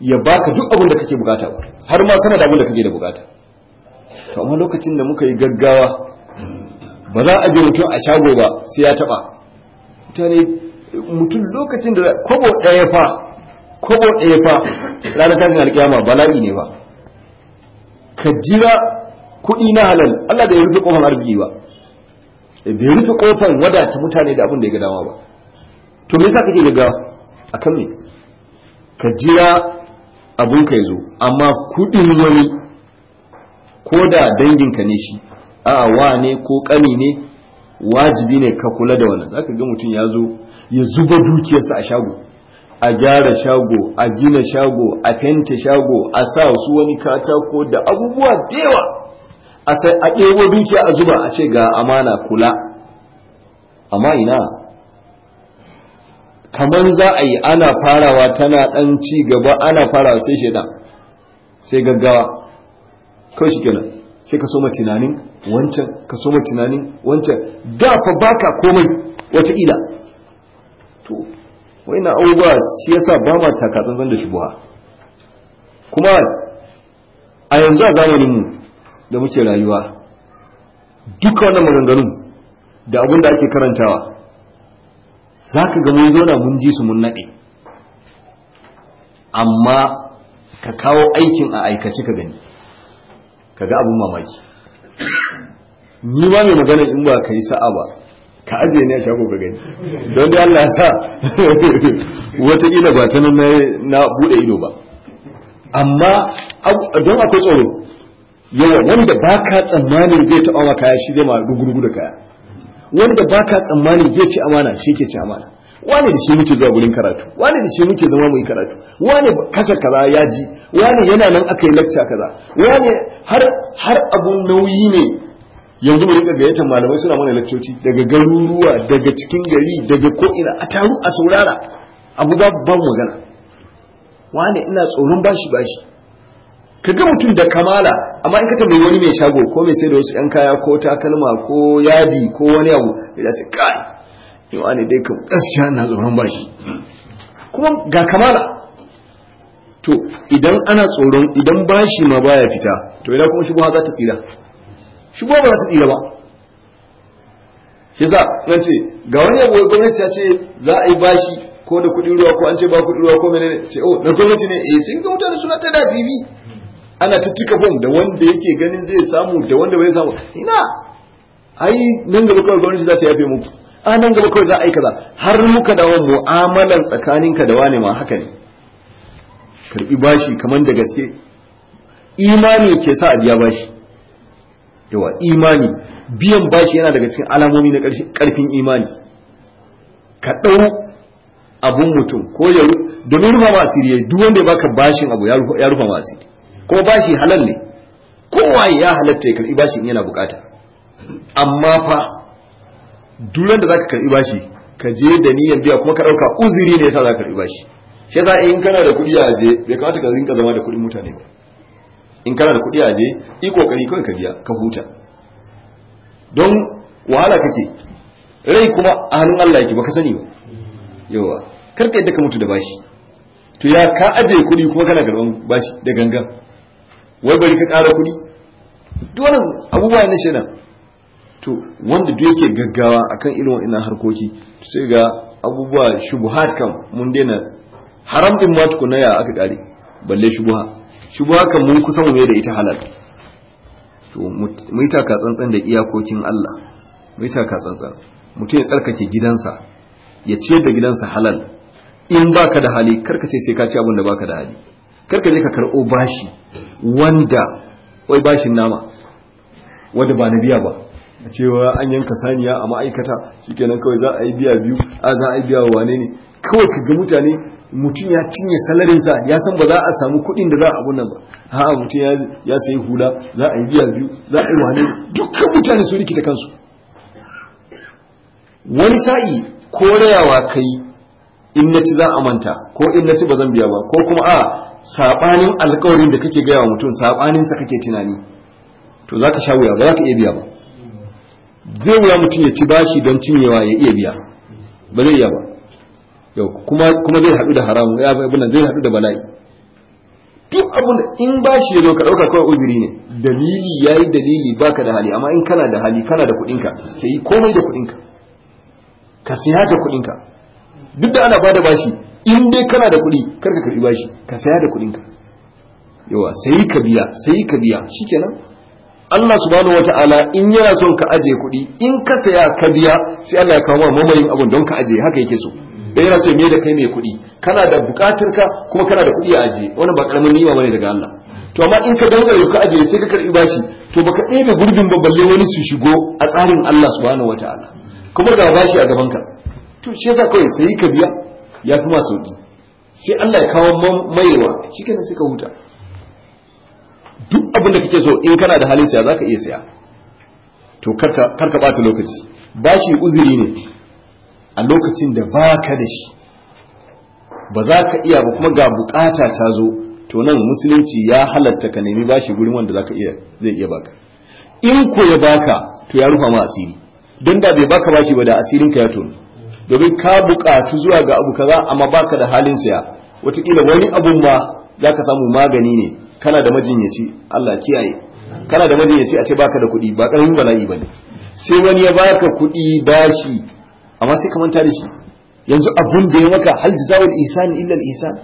ya baka duk abin da kake bukata ba har ma sanar da abin da kake da bukata to amma lokacin da muka yi gaggawa ba za a je mutum a shago ba sai ya taba mutane mutum lokacin da kobo ɗaya fa kobo ɗaya fa ranar tashin alkiyama bala'i ne ba ka jira kuɗi na halal Allah da rufe kofar arziki ba bai rufe kofar wadata mutane da abin da ya ga dama ba to me yasa kake a kan me ka jira abun ka yazo amma kuɗin wani ko da danginka ne shi a wa ne ko ƙani ne wajibi ne ka kula da wannan zaka ga mutum ya zo ya zuba dukiyarsa a shago a gyara shago a gina shago a fenta shago a sa su wani katako da abubuwa da yawa a ɗebo dukiya a zuba a ce ga amana kula amma ina kamar za a yi ana farawa tana ɗan ci gaba ana farawa sai shaidan sai gaggawa kawai shi kenan sai ka soma tunanin wancan ka soma tunanin wancan da fa baka komai wata to Wai na abubuwa shi yasa ba ma takatsantsan da shubuha kuma a yanzu a zamanin mu da muke rayuwa duka wannan maganganun da abin da ake karantawa za ka ga mun zauna mun ji su mun naɗe amma ka kawo aikin a aikace ka gani ka ga abin mamaki ni ba mai magana in ba ka yi sa'a ba ka ajiye ne a shago ka gani don dai Allah sa watakila ba ta na bude ido ba amma don akwai tsoro yawa wanda ba ka tsammanin zai taɓa ma kaya shi zai ma rugurugu da kaya wanda ba ka tsammanin zai ci amana shi ke ci amana wane da shi muke zuwa gurin karatu wane da shi muke zama mu yi karatu wane kasa kaza ya ji wane yana nan aka yi lakca kaza wane har abun nauyi ne yanzu mu rika gayyatar malamai suna mana lakcoci daga garuruwa daga cikin gari daga ko'ina a taru a saurara abu za ba magana wane ina tsoron bashi bashi ka ga mutum da kamala amma in ka tambayi wani mai shago ko mai sai da wasu yan kaya ko takalma ko yadi ko wani abu ya ce kai ni wane dai ka gaskiya ina tsoron bashi kuma ga kamala to idan ana tsoron idan bashi ma baya fita to idan kuma shi ba za ta tsira shi ba ba za su iya ba shi sa nan ce ga wani abu gwamnati ta ce za a yi bashi ko da kuɗin ruwa ko an ce ba kuɗin ruwa ko menene ce oh na gwamnati ne eh sun ga mutane suna ta da bibi ana ta cika bom da wanda yake ganin zai samu da wanda bai samu ina ai nan gaba kawai gwamnati za ta yafe muku a nan gaba kawai za a yi kaza har muka dawo mu'amalan tsakaninka da wane ma haka ne karbi bashi kamar da gaske imani ke sa a biya bashi yawa imani biyan bashi yana daga cikin alamomi na karfin imani ka ɗau abun mutum ko ya domin rufa ma asiri duk wanda ya baka bashin abu ya rufa ma ko bashi halal ne kowa ya halatta ya karbi bashin yana bukata amma fa duran da zaka karbi bashi ka je da niyan biya kuma ka ɗauka uzuri ne yasa zaka karbi bashi shi in kana da kuɗi a je bai kamata ka zinka zama da kuɗin mutane ba in kana da kuɗi aje yi kokari kawai ka biya ka huta don wahala kake rai kuma a hannun Allah yake baka sani ba yawa kar ka yadda ka mutu da bashi to ya ka aje kuɗi kuma kana karɓan bashi da gangan wai bari ka ƙara kuɗi duk wannan abubuwa na shaidan to wanda duk yake gaggawa akan irin wannan harkoki sai ga abubuwa shubuhat kam mun daina haram din ma tukuna ya aka kare balle shubuha shubuha kan mun kusa mu da ita halal to mu yi taka tsantsan da iyakokin Allah mu yi taka tsantsan mutum ya tsarkake gidansa ya ce da gidansa halal in baka da hali karka ce sai ka ci abin da baka da hali karka je ka karɓo bashi wanda wai bashin nama wanda ba na biya ba a cewa an yanka saniya a ma'aikata kenan kawai za a yi biya biyu a za a yi biya wane ne kawai ka ga mutane mutum ya cinye salarinsa ya san ba za a samu kuɗin da za a abunan ba ha mutum ya sayi hula za a yi biya biyu za a yi wane ne dukkan mutane su rikita kansu wani sa'i ko rayawa kai in na ci za a manta ko in na ci ba zan biya ba ko kuma a saɓanin alkawarin da kake gaya wa mutum saɓaninsa kake tunani to za ka sha wuya ba za ka iya biya ba zai wuya mutum ya ci bashi don cinyewa ya iya biya ba zai iya ba kuma zai haɗu da haramu ya fi abinan zai haɗu da bala'i duk abin in bashi ya zo ka ɗauka kawai uzuri ne dalili ya yi dalili baka da hali amma in kana da hali kana da kuɗinka sai komai da kuɗinka ka saya da kuɗinka duk da ana ba da bashi in dai kana da kuɗi kar ka karɓi bashi ka saya da kuɗinka yawa sai ka biya sai ka biya shikenan Allah subhanahu ta'ala in yana son ka aje kuɗi in ka saya ka biya sai Allah ya kawo mamayin abun don ka aje haka yake so da eh, yana so me da kai me kuɗi kana da bukatar ka kuma kana da kuɗi a aje wannan ba karamin ni'ima bane daga Allah to amma in ka dauka ka aje sai ka karbi bashi to baka ɗebe gurbin ba balle wani su shigo a tsarin Allah subhanahu ta'ala kuma ga bashi a gaban ka to shi yasa kawai sai ka biya ya fi ma sauki sai Allah ya kawo mayewa shikenan sai ka huta duk abin da kake so in kana da halin siya zaka iya siya to karka karka bata lokaci bashi uzuri ne a lokacin da baka da shi ba za ka iya ba kuma ga bukata ta zo to nan musulunci ya halatta ka nemi bashi gurin wanda zaka iya zai iya baka in ko ya baka to ya rufa ma asiri don da bai baka bashi ba da asirin ka ya tono domin ka bukatu zuwa ga abu kaza amma baka da halin saya watakila wani abun ma ka samu magani ne kana da majinyaci Allah kiyaye kana da majinyaci a ce baka da kuɗi ba ƙarfin bala'i bane sai wani ya baka kuɗi bashi amma sai ka manta da shi yanzu abun da ya maka hal jazawul ihsan illa al ihsan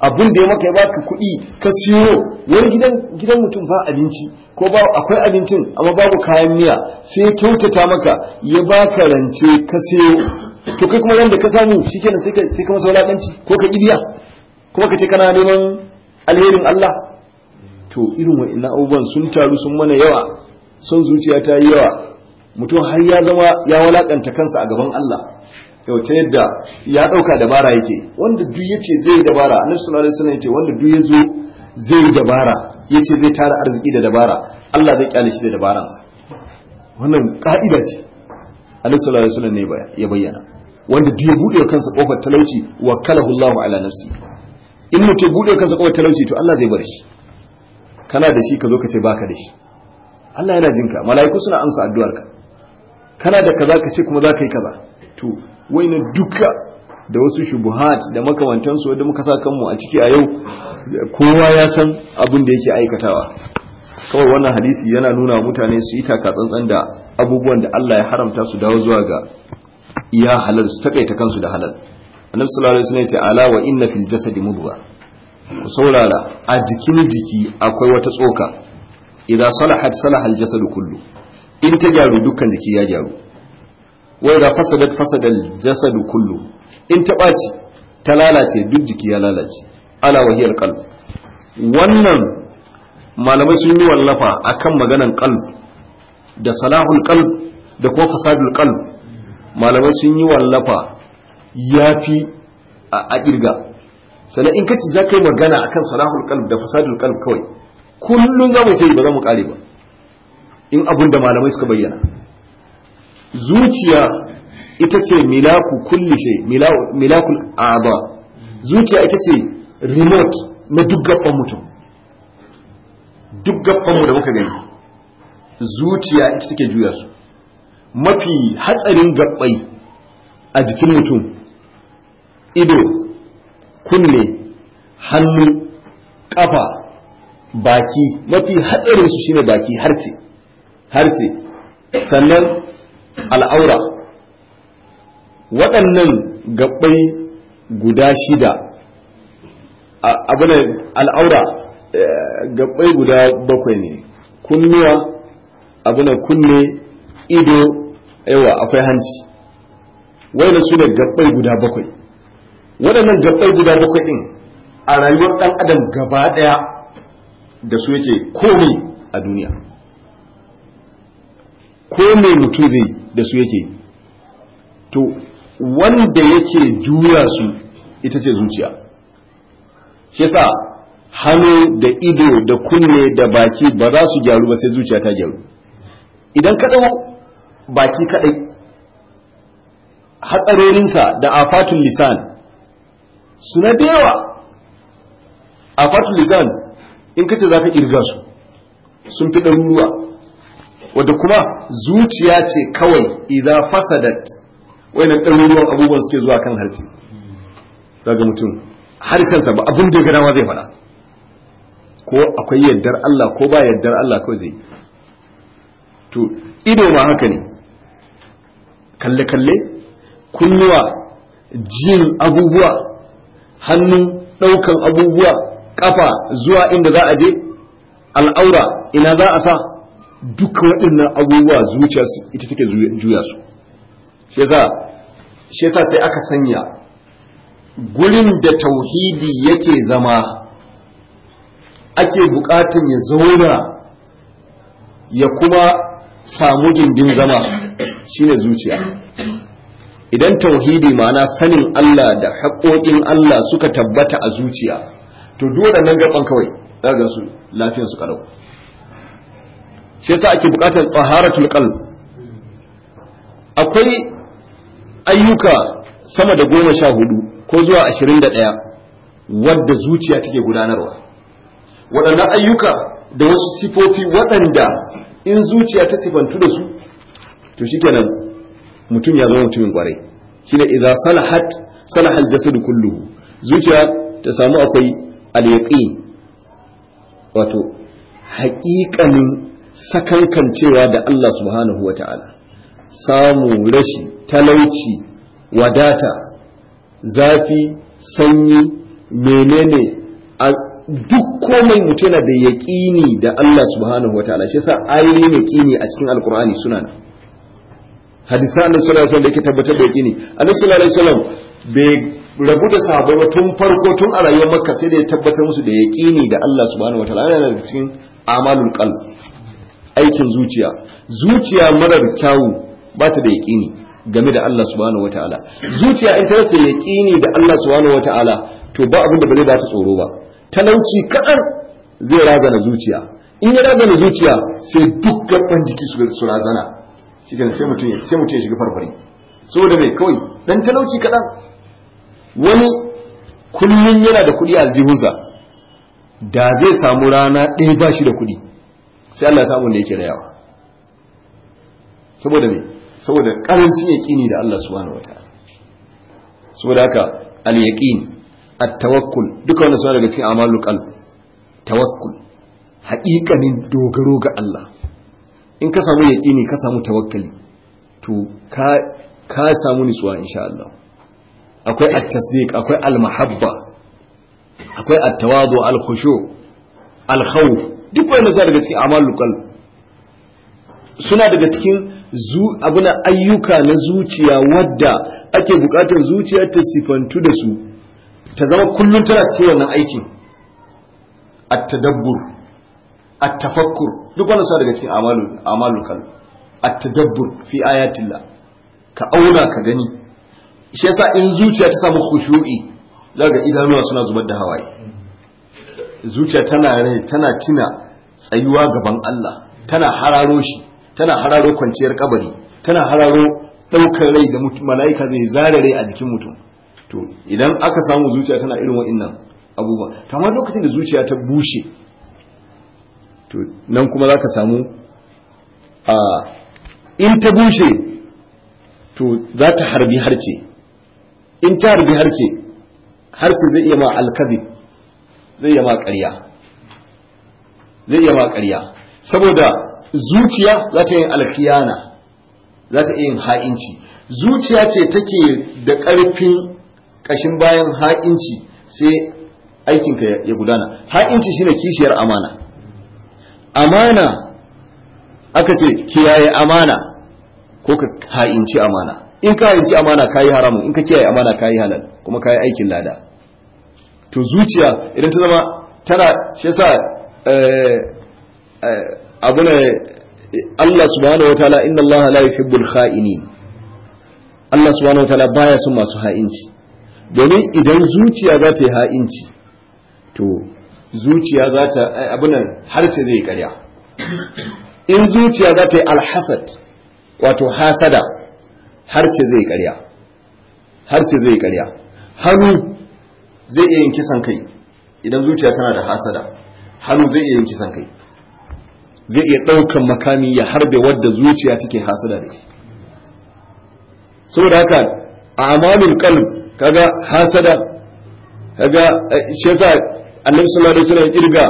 abun da ya maka ya baka kuɗi ka siyo wani gidan gidan mutum ba abinci ko ba akwai abincin amma babu kayan miya sai ya kyautata maka ya baka rance ka siyo to kai kuma wanda ka samu shikenan sai ka sai ka masa wulakanci ko ka kibiya kuma ka ce kana neman alherin Allah to irin wa'annan abubuwan sun taru sun mana yawa son zuciya ta yi yawa mutum har ya zama ya walakanta kansa a gaban Allah yau ta yadda ya dauka dabara yake wanda duk ce zai dabara annabi sallallahu suna wasallam yace wanda duk zo zai dabara ya ce zai tara arziki da dabara Allah zai kyale shi da dabaransa wannan ka'ida ce annabi sallallahu alaihi suna ne ya bayyana wanda duk ya bude kansa kofar talauci wakalahu Allahu ala nafsi in mutum bude kansa kofar talauci to Allah zai bar shi kana da shi ka zo ka ce baka da shi Allah yana jinka mala'iku suna amsa addu'arka kana da kaza ka ce kuma za ka yi kaza to waina duka da wasu shubuhat da makamantansu wanda muka sa kanmu a ciki a yau kowa ya san abin da yake aikatawa kawai wannan hadisi yana nuna mutane su yi taka tsantsan da abubuwan da Allah ya haramta su dawo zuwa ga iya halal su takaita kansu da halal annabi sallallahu alaihi wasallam ya ce ala wa inna fil jasadi mudghah ku saurara a jikin jiki akwai wata tsoka idan salahat salaha aljasadu kullu in ta gyaru dukkan jiki ya gyaru wai fasadar fasadar jasadu jasadu kullu in ta ɓaci ta lalace duk jiki ya lalace ala wahiyar qalb wannan malamai sun yi wallafa a kan maganan ƙalb da salahul ƙalb da kuma fasadul ƙalb malamai sun yi wallafa ya fi a ƙirga sannan in kace za ka yi magana akan salahul qalb da fasadul qalb kawai kullun za mu sai ba za mu kare ba in abun da malamai suka bayyana zuciya ita ce milaku kulli shay milakul a'da zuciya ita ce remote na duk gaban mutum duk gaban mu da muka gani zuciya ita take juya su mafi hatsarin gabbai a jikin mutum ido kunne hannu kafa baki mafi hatsarin su shine baki harce harce sannan al'aura waɗannan gabbai guda shida abinan al'aura eh, gabbai guda bakwai ne kunnuwa abinan kunne ido yawa akwai hanci wanda su ne gabbai guda bakwai waɗannan gabbai guda bakwai ɗin a rayuwar ɗan adam gaba ɗaya da su yake komai a duniya komai mutum zai da su yake to wanda yake jura su ita ce zuciya shi sa hannu da ido da kunne da baki ba za su gyaru ba sai zuciya ta gyaru idan ka baki kaɗai hatsarorinsa da afatun lisan suna da yawa a fatlizan in kace za ka kirga su sun fi ɗaruruwa wadda kuma zuciya ce kawai idan fasadat wayannan ɗaruruwan abubuwan suke zuwa kan harci daga mutum harshensa ba abin da gana ma zai faɗa ko akwai yardar Allah ko ba yardar Allah kawai zai to ido ma haka ne kalle-kalle kunnuwa jin abubuwa hannu ɗaukan abubuwa ƙafa zuwa inda za a je al'aura ina za a sa duk waɗannan abubuwa zuciya su ita take juya su shi yasa sai aka sanya gurin da tauhidi yake zama ake bukatan ya zauna ya kuma samu gindin zama shine zuciya idan tauhidi ma'ana sanin Allah da haƙoƙin Allah suka tabbata a zuciya to dole nan gaban kawai daga su lafiyar su ƙarau. Sai sa ake buƙatar taharatul qalb akwai ayyuka sama da goma sha hudu ko zuwa ashirin da ɗaya wadda zuciya take gudanarwa waɗannan ayyuka da wasu sifofi waɗanda in zuciya ta sifantu da su to shikenan mutum ya zama mutumin kwarai shine idza salahat salaha al-jasad zuciya ta samu akwai al-yaqin wato haƙiƙanin sakankancewa da Allah subhanahu wata'ala samu rashi talauci wadata zafi sanyi menene a duk komai mutum na da yaƙini da Allah subhanahu wata'ala shi yasa ayoyin yaƙini a cikin alkur'ani suna hadisan annabi sallallahu alaihi wasallam da yake tabbatar da yaqini annabi sallallahu alaihi wasallam bai rabu da sahabbai ba tun farko tun a rayuwar makka sai da ya tabbatar musu da yaqini da Allah subhanahu wataala yana daga cikin amalul qalb aikin zuciya zuciya marar kyawu ba ta da yaqini game da Allah subhanahu wataala zuciya in ta rasa yaqini da Allah subhanahu wataala to ba abin da ba zai ba ta tsoro ba talauci kadan zai razana zuciya in ya razana zuciya sai dukkan jiki su razana shi sai mutum ya sai mutum ya shiga farfari saboda mai kawai dan talauci kadan wani kullun yana da kuɗi a jihunsa da zai samu rana ɗaya ba shi da kuɗi sai Allah ya samu da yake rayawa saboda me saboda karancin yaqini da Allah subhanahu wataala saboda haka al yaqin at tawakkul duka wannan suna daga cikin amalul qalb tawakkul haƙiƙanin dogaro ga Allah in ka samu yaƙini ka samu tawakkali to ka samu nutsuwa insha Allah akwai at-tasdiq akwai al-mahabba akwai at-tawadu al-khushu al-khawf duk wani zai daga cikin amalul qalb suna daga cikin abuna ayyuka na zuciya wadda ake bukatar zuciya ta sifantu da su ta zama kullum tana cikin wannan aikin at-tadabbur التفكر tafakkur duk wannan daga cikin amalul amalul qalb at-tadabbur fi ayatillah ka auna ka gani shi yasa in zuciya ta samu idanuwa suna zubar da hawaye zuciya tana rai tana tina tsayuwa gaban Allah tana hararo shi tana hararo kwanciyar kabari tana hararo daukar rai da mala'ika zai zare rai a jikin mutum to idan aka samu zuciya tana irin waɗannan abubuwa kamar lokacin da zuciya ta bushe to nan kuma za ka samu a in ta bushe to za ta harbi harce in ta harbi harce harce zai iya ma alkazi zai iya ma ƙarya zai iya ma ƙarya saboda zuciya za ta yin alkiyana za ta yin ha'inci zuciya ce take da ƙarfin ƙashin bayan ha'inci sai aikinka ya gudana ha'inci shine kishiyar amana amana aka ce kiyaye amana ko ka ha'inci amana in ka ha'inci amana kayi haramun in ka kiyaye amana kayi halal kuma kayi aikin lada to zuciya idan ta zama tana shi yasa eh, eh, abu ne Allah subhanahu wa ta'ala inna Allah la yuhibbul kha'inin Allah subhanahu wa ta'ala baya son masu ha'inci domin idan zuciya za ta yi ha'inci to zuciya za ta abinan harce zai karya in zuciya za ta yi alhasad wato hasada harce zai karya harce zai karya hannu zai iya yin kisan kai idan zuciya tana da hasada hannu zai iya yin kisan kai zai iya ɗaukan makami ya harbe wadda zuciya take hasada da saboda haka a amalin kalb kaga hasada kaga eh, shi yasa annabi sallallahu alaihi wasallam kirga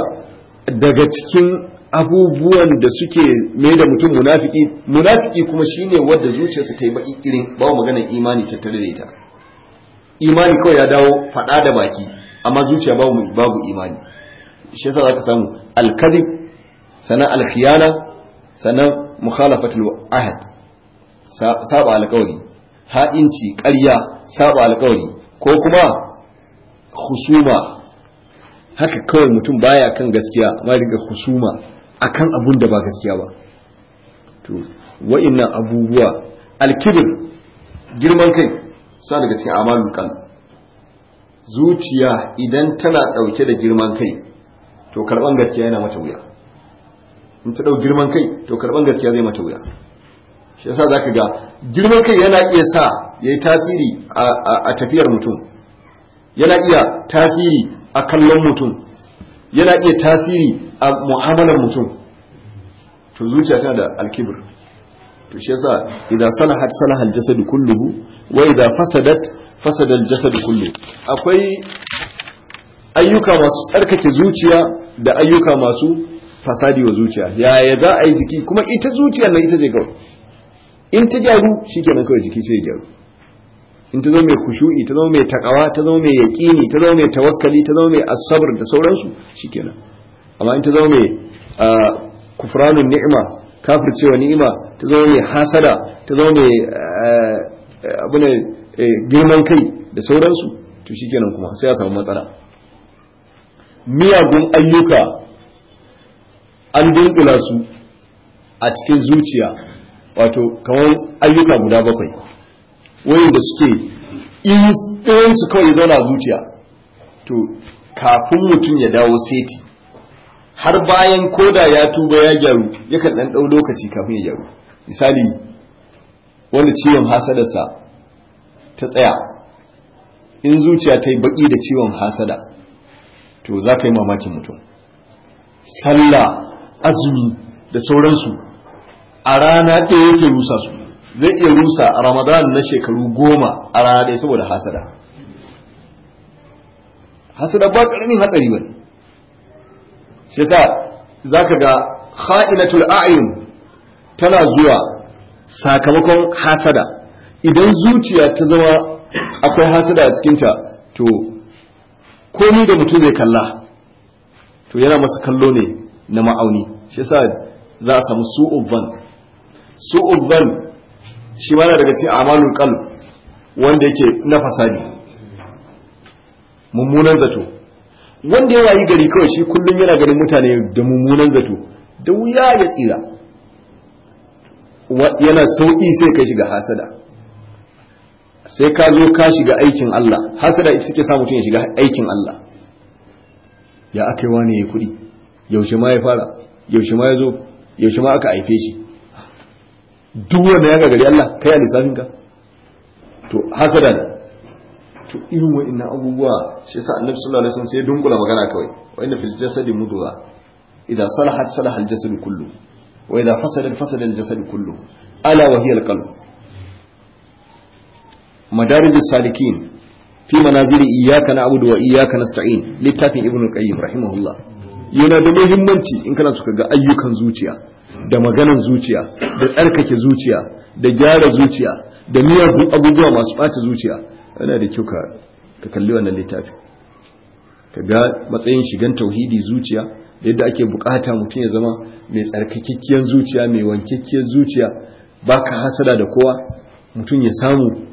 daga cikin abubuwan da suke mai da mutum munafiki munafiki kuma shine wanda zuciyarsa ta yi baki irin ba magana imani tattare da ita imani kawai ya dawo fada da baki amma zuciya babu babu imani shi yasa zaka samu al-kadhib sana al-khiyana sana mukhalafatul ahad saba alƙawari ha'inci ƙarya saba alƙawari ko kuma husuma haka kawai mutum baya kan gaskiya ma riga husuma akan abun da ba gaskiya ba to abubuwa alkibir girman kai sa daga cikin amalu kan zuciya idan tana dauke da girman kai to karban gaskiya yana mata wuya in ta dau girman kai to karban gaskiya zai mata wuya shi yasa zaka ga girman kai yana iya sa yayi tasiri a tafiyar mutum yana iya tasiri a kallon mutum yana iya tasiri a mu'amalar mutum to zuciya tana da alkibir to shi yasa idan salahat salahal jasadu kulluhu wa idan fasadat fasadal jasadu kullu akwai ayyuka masu tsarkake zuciya da ayyuka masu fasadi wa zuciya yaya za a yi jiki kuma ita zuciya na, ita je gaba. in ta gyaru shi nan kawai jiki sai ya gyaru in ta zama mai kushu'i ta zama mai takawa ta zama mai yaƙini ta zama mai tawakkali ta zama mai asabar da sauransu shikenan amma in ta zama mai kufranun ni'ima kafircewa ni'ima ta zama mai hasada ta zama mai abu ne eh, girman kai da sauransu to shikenan kuma sai ya samu matsala miyagun ayyuka an dinkula su a cikin zuciya wato kamar ayyuka guda bakwai wayanda suke in su kawai ya zauna zuciya to kafin mutum ya dawo seti har bayan koda ya tuba ya gyaru yakan dan dau lokaci kafin ya gyaru misali wanda ciwon hasadarsa ta tsaya in zuciya ta yi baki da ciwon hasada to za ka yi mamakin mutum sallah azumi da sauransu a rana ɗaya yake rusa su zai iya rusa a ramadan na shekaru goma a rana ɗaya saboda hasada hasada ba ƙaramin hatsari ba shi sa za ka ga ha'inatul a'yun tana zuwa sakamakon hasada idan zuciya ta zama akwai hasada a cikinta to komi da mutum zai kalla to yana masa kallo ne na ma'auni shi sa za a samu su'ubban su'ubban shi ma na daga cikin amalul qalb wanda yake na fasadi mummunan zato wanda ya yi gari kawai shi kullum yana ganin mutane da mummunan zato da wuya ya tsira yana sauki sai ka shiga hasada sai ka zo ka shiga aikin Allah hasada ita suke sa mutum ya shiga aikin Allah ya aka yi ne ya kuɗi yaushe ma ya fara yaushe ma ya zo yaushe ma aka haife shi duk wanda ya gagari Allah kai a lissafin ka to hasadan, to irin wa'annan abubuwa shi yasa annabi sallallahu alaihi wasallam sai dunkula magana kawai wa inna fil jasadi mudgha idza salahat salaha al jasadu kullu wa idza fasada fasada al jasadu kullu ala wa hiya al qalb madarij salikin fi manazili iyyaka na'budu wa iyyaka nasta'in littafin ibnu qayyim rahimahullah yana da muhimmanci in kana so ga ayyukan zuciya da maganar zuciya da tsarkake zuciya da gyara zuciya da miyagun abubuwa masu ɓata zuciya yana da kyau ka kalli wannan littafi ka ga matsayin shigan tauhidi zuciya da yadda ake bukata mutum ya zama mai tsarkakekkiyar zuciya mai wankakkiyar zuciya ba ka hasada da kowa mutum ya samu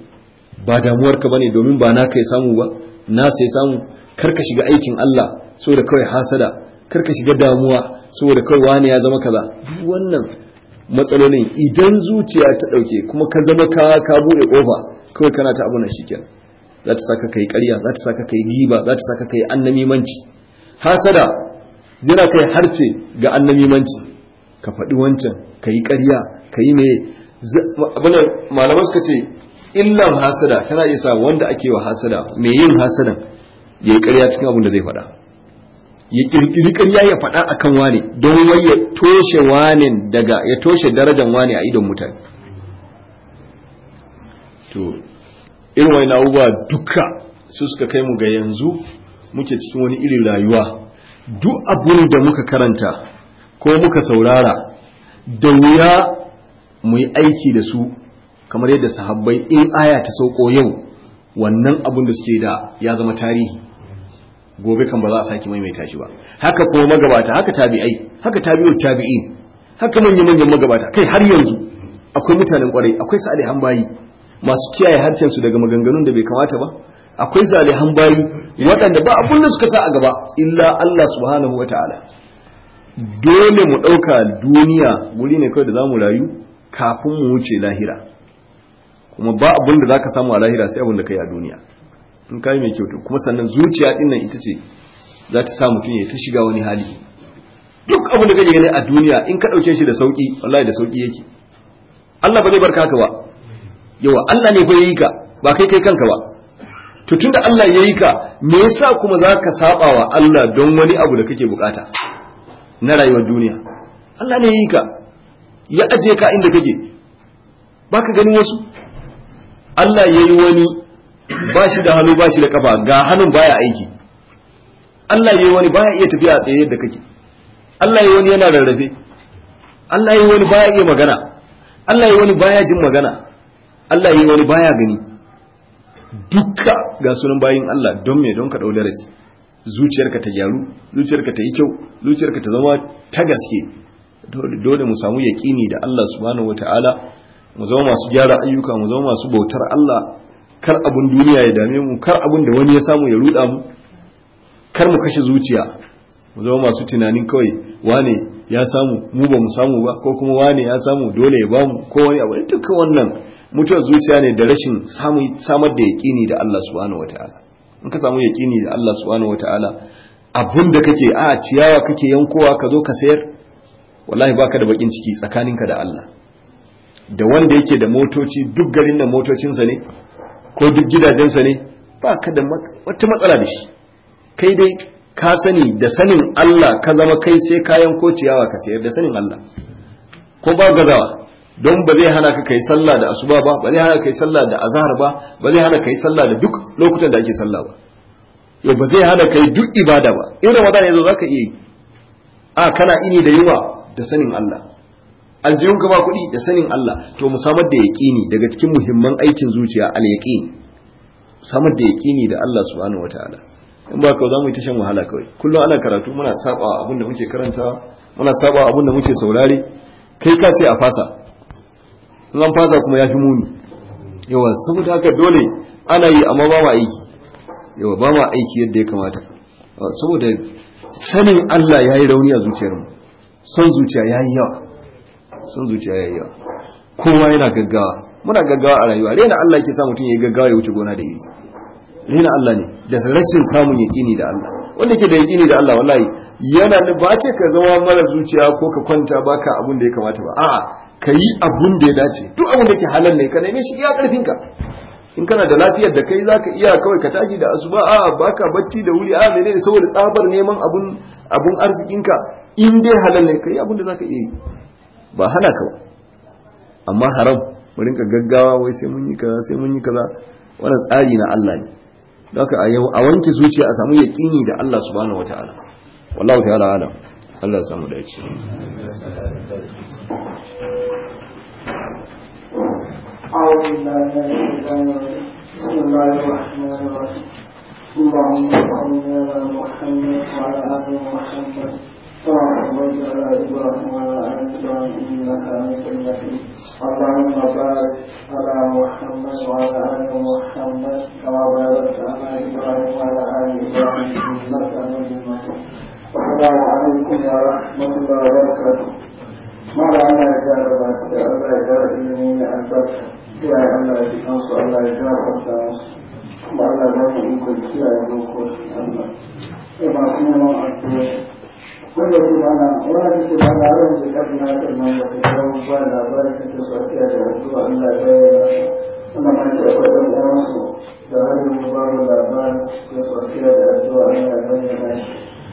ba damuwarka ba ne domin ba naka ya samu ba nasa ya samu karka shiga aikin Allah so da kawai hasada karka shiga damuwa saboda kai wani ya zama kaza wannan matsalolin idan zuciya ta dauke kuma ka zama ka ka bude kofa kawai kana ta abuna shikenan za ta saka kai ƙarya za ta saka kai giba za ta saka kai annamimanci hasada yana kai harce ga annamimanci ka faɗi wancan ka yi ƙarya ka yi mai malaman suka ce illan hasada tana iya sa wanda ake wa hasada mai yin hasadan ya yi ƙarya cikin abin da zai faɗa ya kirkiri ƙarya ya faɗa a kan wane don wai ya toshe wane daga ya toshe darajan wane a idon mutane to irin wani abubuwa duka su suka kai mu ga yanzu muke cikin wani irin rayuwa duk abun da muka karanta ko muka saurara da wuya mu yi aiki da su kamar yadda sahabbai in aya ta sauko yau wannan abun da suke da ya zama tarihi gobe kan ba za a sake maimaita shi ba haka kuma magabata haka tabi'ai haka tabi'ul tabi'in haka manyan manyan magabata kai har yanzu akwai mutanen kwarai akwai salihan bayi masu kiyaye harshen su daga maganganun da bai kamata ba akwai zalihan bayi waɗanda ba abun da suka sa a gaba illa Allah subhanahu wa ta'ala dole mu ɗauka duniya wuri ne kawai da za mu rayu kafin mu wuce lahira kuma ba abun da za ka samu a lahira sai abun da ka yi a duniya in kai mai kyau kuma sannan zuciya din nan ita ce za ta sa mutum ya ta shiga wani hali duk abin da kake gani a duniya in ka dauke shi da sauki wallahi da sauki yake Allah ba zai barka ka ba yawa Allah ne fa yayi ka ba kai kai kanka ba to tunda Allah yayi ka me yasa kuma za ka saba wa Allah don wani abu da kake bukata na rayuwar duniya Allah ne yayi ka ya aje ka inda kake baka ganin wasu Allah yayi wani ba shi da hannu ba shi da kafa ga hannun baya aiki Allah yi wani baya iya tafiya a tsaye yadda kake Allah yi wani yana rarrafe Allah yi wani baya iya magana Allah yi wani baya jin magana Allah yi wani baya gani duka ga sunan bayin Allah don me don ka dau darasi zuciyarka ta gyaru zuciyarka ta yi kyau zuciyarka ta zama ta gaske dole mu samu yaƙini da Allah subhanahu wata'ala mu zama masu gyara ayyuka mu zama masu bautar Allah kar abun duniya ya dame mu kar abun da wani ya samu ya ruda mu kar mu kashe zuciya mu zama masu tunanin kawai wane ya samu mu ba mu samu ba ko kuma wane ya samu dole ya bamu ko wani abu dukkan wannan mutuwar zuciya ne da rashin samar da yaƙini da Allah subhanahu wataala in ka samu yaƙini da Allah subhanahu wataala abun da kake a ciyawa kake yankowa ka zo ka sayar wallahi baka da bakin ciki tsakaninka da Allah da wanda yake da motoci duk garin da motocinsa ne ko duk gidajensa ne ba ka da wata matsala da shi kai dai ka sani da sanin Allah ka zama kai sai kayan ko ciyawa ka sayar da sanin Allah ko ba gazawa don ba zai hana ka kai sallah da asuba ba ba zai hana ka kai sallah da azhar ba ba zai hana ka kai sallah da duk lokutan da ake sallah ba yau ba zai hana kai duk ibada ba in ramadan zo zaka iya yi a kana ini da yawa da sanin Allah aljihun ka ba kuɗi da sanin Allah to mu samar da yaqini daga cikin muhimman aikin zuciya al yaqini samar da yaqini da Allah subhanahu wataala in ba ka za mu yi ta shan wahala kawai kullum ana karatu muna saba abin da muke karanta muna saba abin da muke saurare kai ka ce a fasa in an fasa kuma ya fi muni yawa saboda haka dole ana yi amma ba ma aiki yawa ba ma aiki yadda ya kamata saboda sanin Allah ya yi rauni a zuciyarmu son zuciya ya yi yawa Sun zuciya yi yawa kowa yana gaggawa muna gaggawa a rayuwa rena Allah yake sa mutum ya gaggawa ya wuce gona da iri rena Allah ne da rashin samun yakini da Allah wanda yake da yaƙini da Allah wallahi yana da ba ce ka zama mara zuciya ko ka kwanta baka abin da ya kamata ba a'a ka yi abin da ya dace duk abin da yake halal ne ka neme shi iya karfin in kana da lafiyar da kai zaka iya kawai ka tashi da asuba a baka bacci da wuri a menene saboda tsabar neman abun abun arzikinka in dai halal ne yi abun da zaka iya yi ba hana ka ba amma haram mu rinka gaggawa wai sai mun yi kaza sai mun yi kaza wannan tsari na Allah ne don haka a wanke zuciya a samu yaqini da Allah subhanahu wataala wallahu ta'ala alam Allah ya samu dace أعوذ بالله من الشيطان الرجيم بسم الله الرحمن الرحيم اللهم صل على محمد وعلى آل محمد وبارك على إبراهيم وعلى آل إبراهيم إنك حميد اللهم بارك على محمد وعلى آل محمد كما باركت على إبراهيم وعلى آل إبراهيم إنك حميد مجيد السلام عليكم ورحمة الله وبركاته ما لنا يجار بعد الله أنبت يا الله يتنص الله يجار أنبت ثم الله يجار إنكم يا أبوكم الله إما كنا نعطيه wanda ce da ana wanda ta ce da ana ran da kasu na da nan da kuma ba labarin da su ake da rubutu a inda ta yi wannan ma ce akwai ɗan uwansu da hannun babu labarin da su da rubutu a da ta yi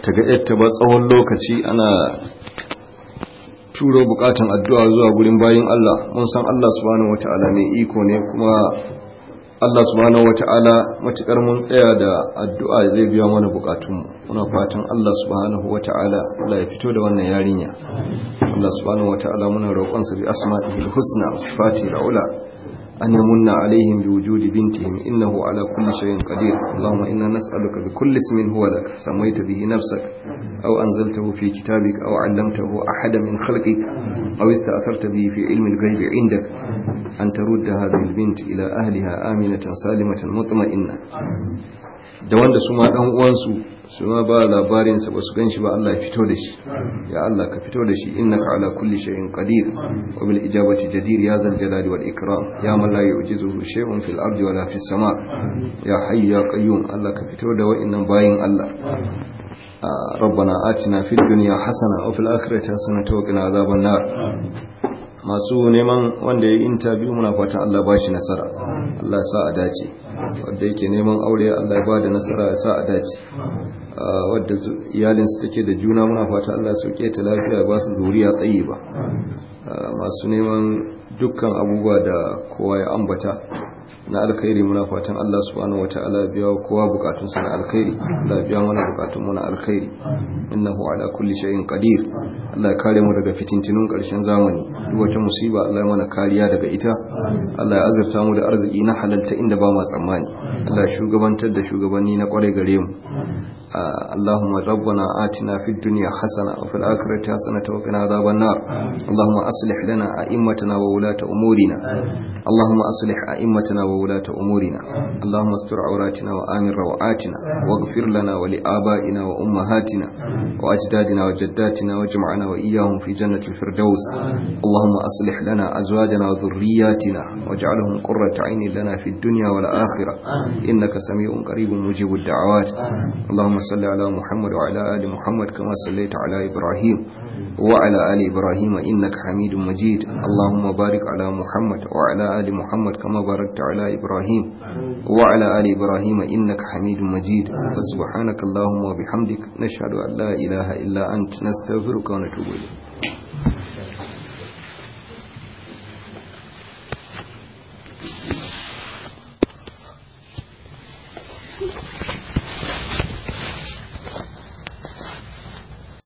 ta ga yadda ba tsawon lokaci ana turo bukatan addu'a zuwa gurin bayan Allah mun san Allah subhanahu wata'ala ne iko ne kuma Allah subhanahu wata'ala matukar mun tsaya da addu'a zai biya mana bukatunmu muna fatan Allah subhanahu wata'ala Allah ya fito da wannan yarinya Allah subhanahu wata'ala muna roƙon sa bi da husna wa sifatihi أن يمن عليهم بوجود بنتهم إنه على كل شيء قدير اللهم إنا نسألك بكل اسم هو لك سميت به نفسك أو أنزلته في كتابك أو علمته أحدا من خلقك أو استأثرت به في علم الغيب عندك أن ترد هذه البنت إلى أهلها آمنة سالمة مطمئنة da wanda su ma dan uwansu su ma ba labarin sa basu ganshi ba Allah ya fito da shi ya Allah ka fito da shi innaka ala kulli shay'in qadir wa bil ijabati jadir ya zal jalal wal ikram ya man la yu'jizuhu shay'un fil ardi wala fis sama ya hayy ya qayyum Allah ka fito da wa'innan bayin Allah ربنا آتنا في الدنيا حسنة وفي الآخرة حسنة وقنا عذاب النار masu neman wanda ya yi interview muna fatan Allah ba shi nasara Allah sa a dace wadda yake neman aure Allah ba da nasara ya sa a dace ah, wadda iyalinsu take da juna muna fatan Allah su ta lafiya ba su zuriya tsayi ba ah, masu neman dukkan abubuwa da kowa ya ambata na alkhairi muna fatan Allah subhanahu wataala biya kowa bukatun sa na alkhairi Allah biya mana bukatun mu na alkhairi innahu ala kulli shay'in qadir Allah kare mu daga fitintunun karshen zamani duk wata musiba Allah mana kariya daga ita Allah ya azurta mu da arziki na halalta inda ba mu tsammani Allah shugabantar da shugabanni na kware gare mu اللهم ربنا آتنا في الدنيا حسنة وفي الآخرة حسنة وقنا عذاب النار اللهم أصلح لنا أئمتنا وولاة أمورنا اللهم أصلح أئمتنا وولاة أمورنا اللهم استر عوراتنا وآمن روعاتنا واغفر لنا ولآبائنا وأمهاتنا وأجدادنا وجداتنا واجمعنا وإياهم في جنة الفردوس اللهم أصلح لنا أزواجنا وذرياتنا واجعلهم قرة عين لنا في الدنيا والآخرة إنك سميع قريب مجيب الدعوات اللهم اللهم صل على محمد وعلى آل محمد كما صليت على إبراهيم وعلى آل إبراهيم إنك حميد مجيد اللهم بارك على محمد وعلى آل محمد كما باركت على إبراهيم وعلى آل إبراهيم إنك حميد مجيد فسبحانك اللهم وبحمدك نشهد أن لا إله إلا أنت نستغفرك ونتوب إليك Thank you.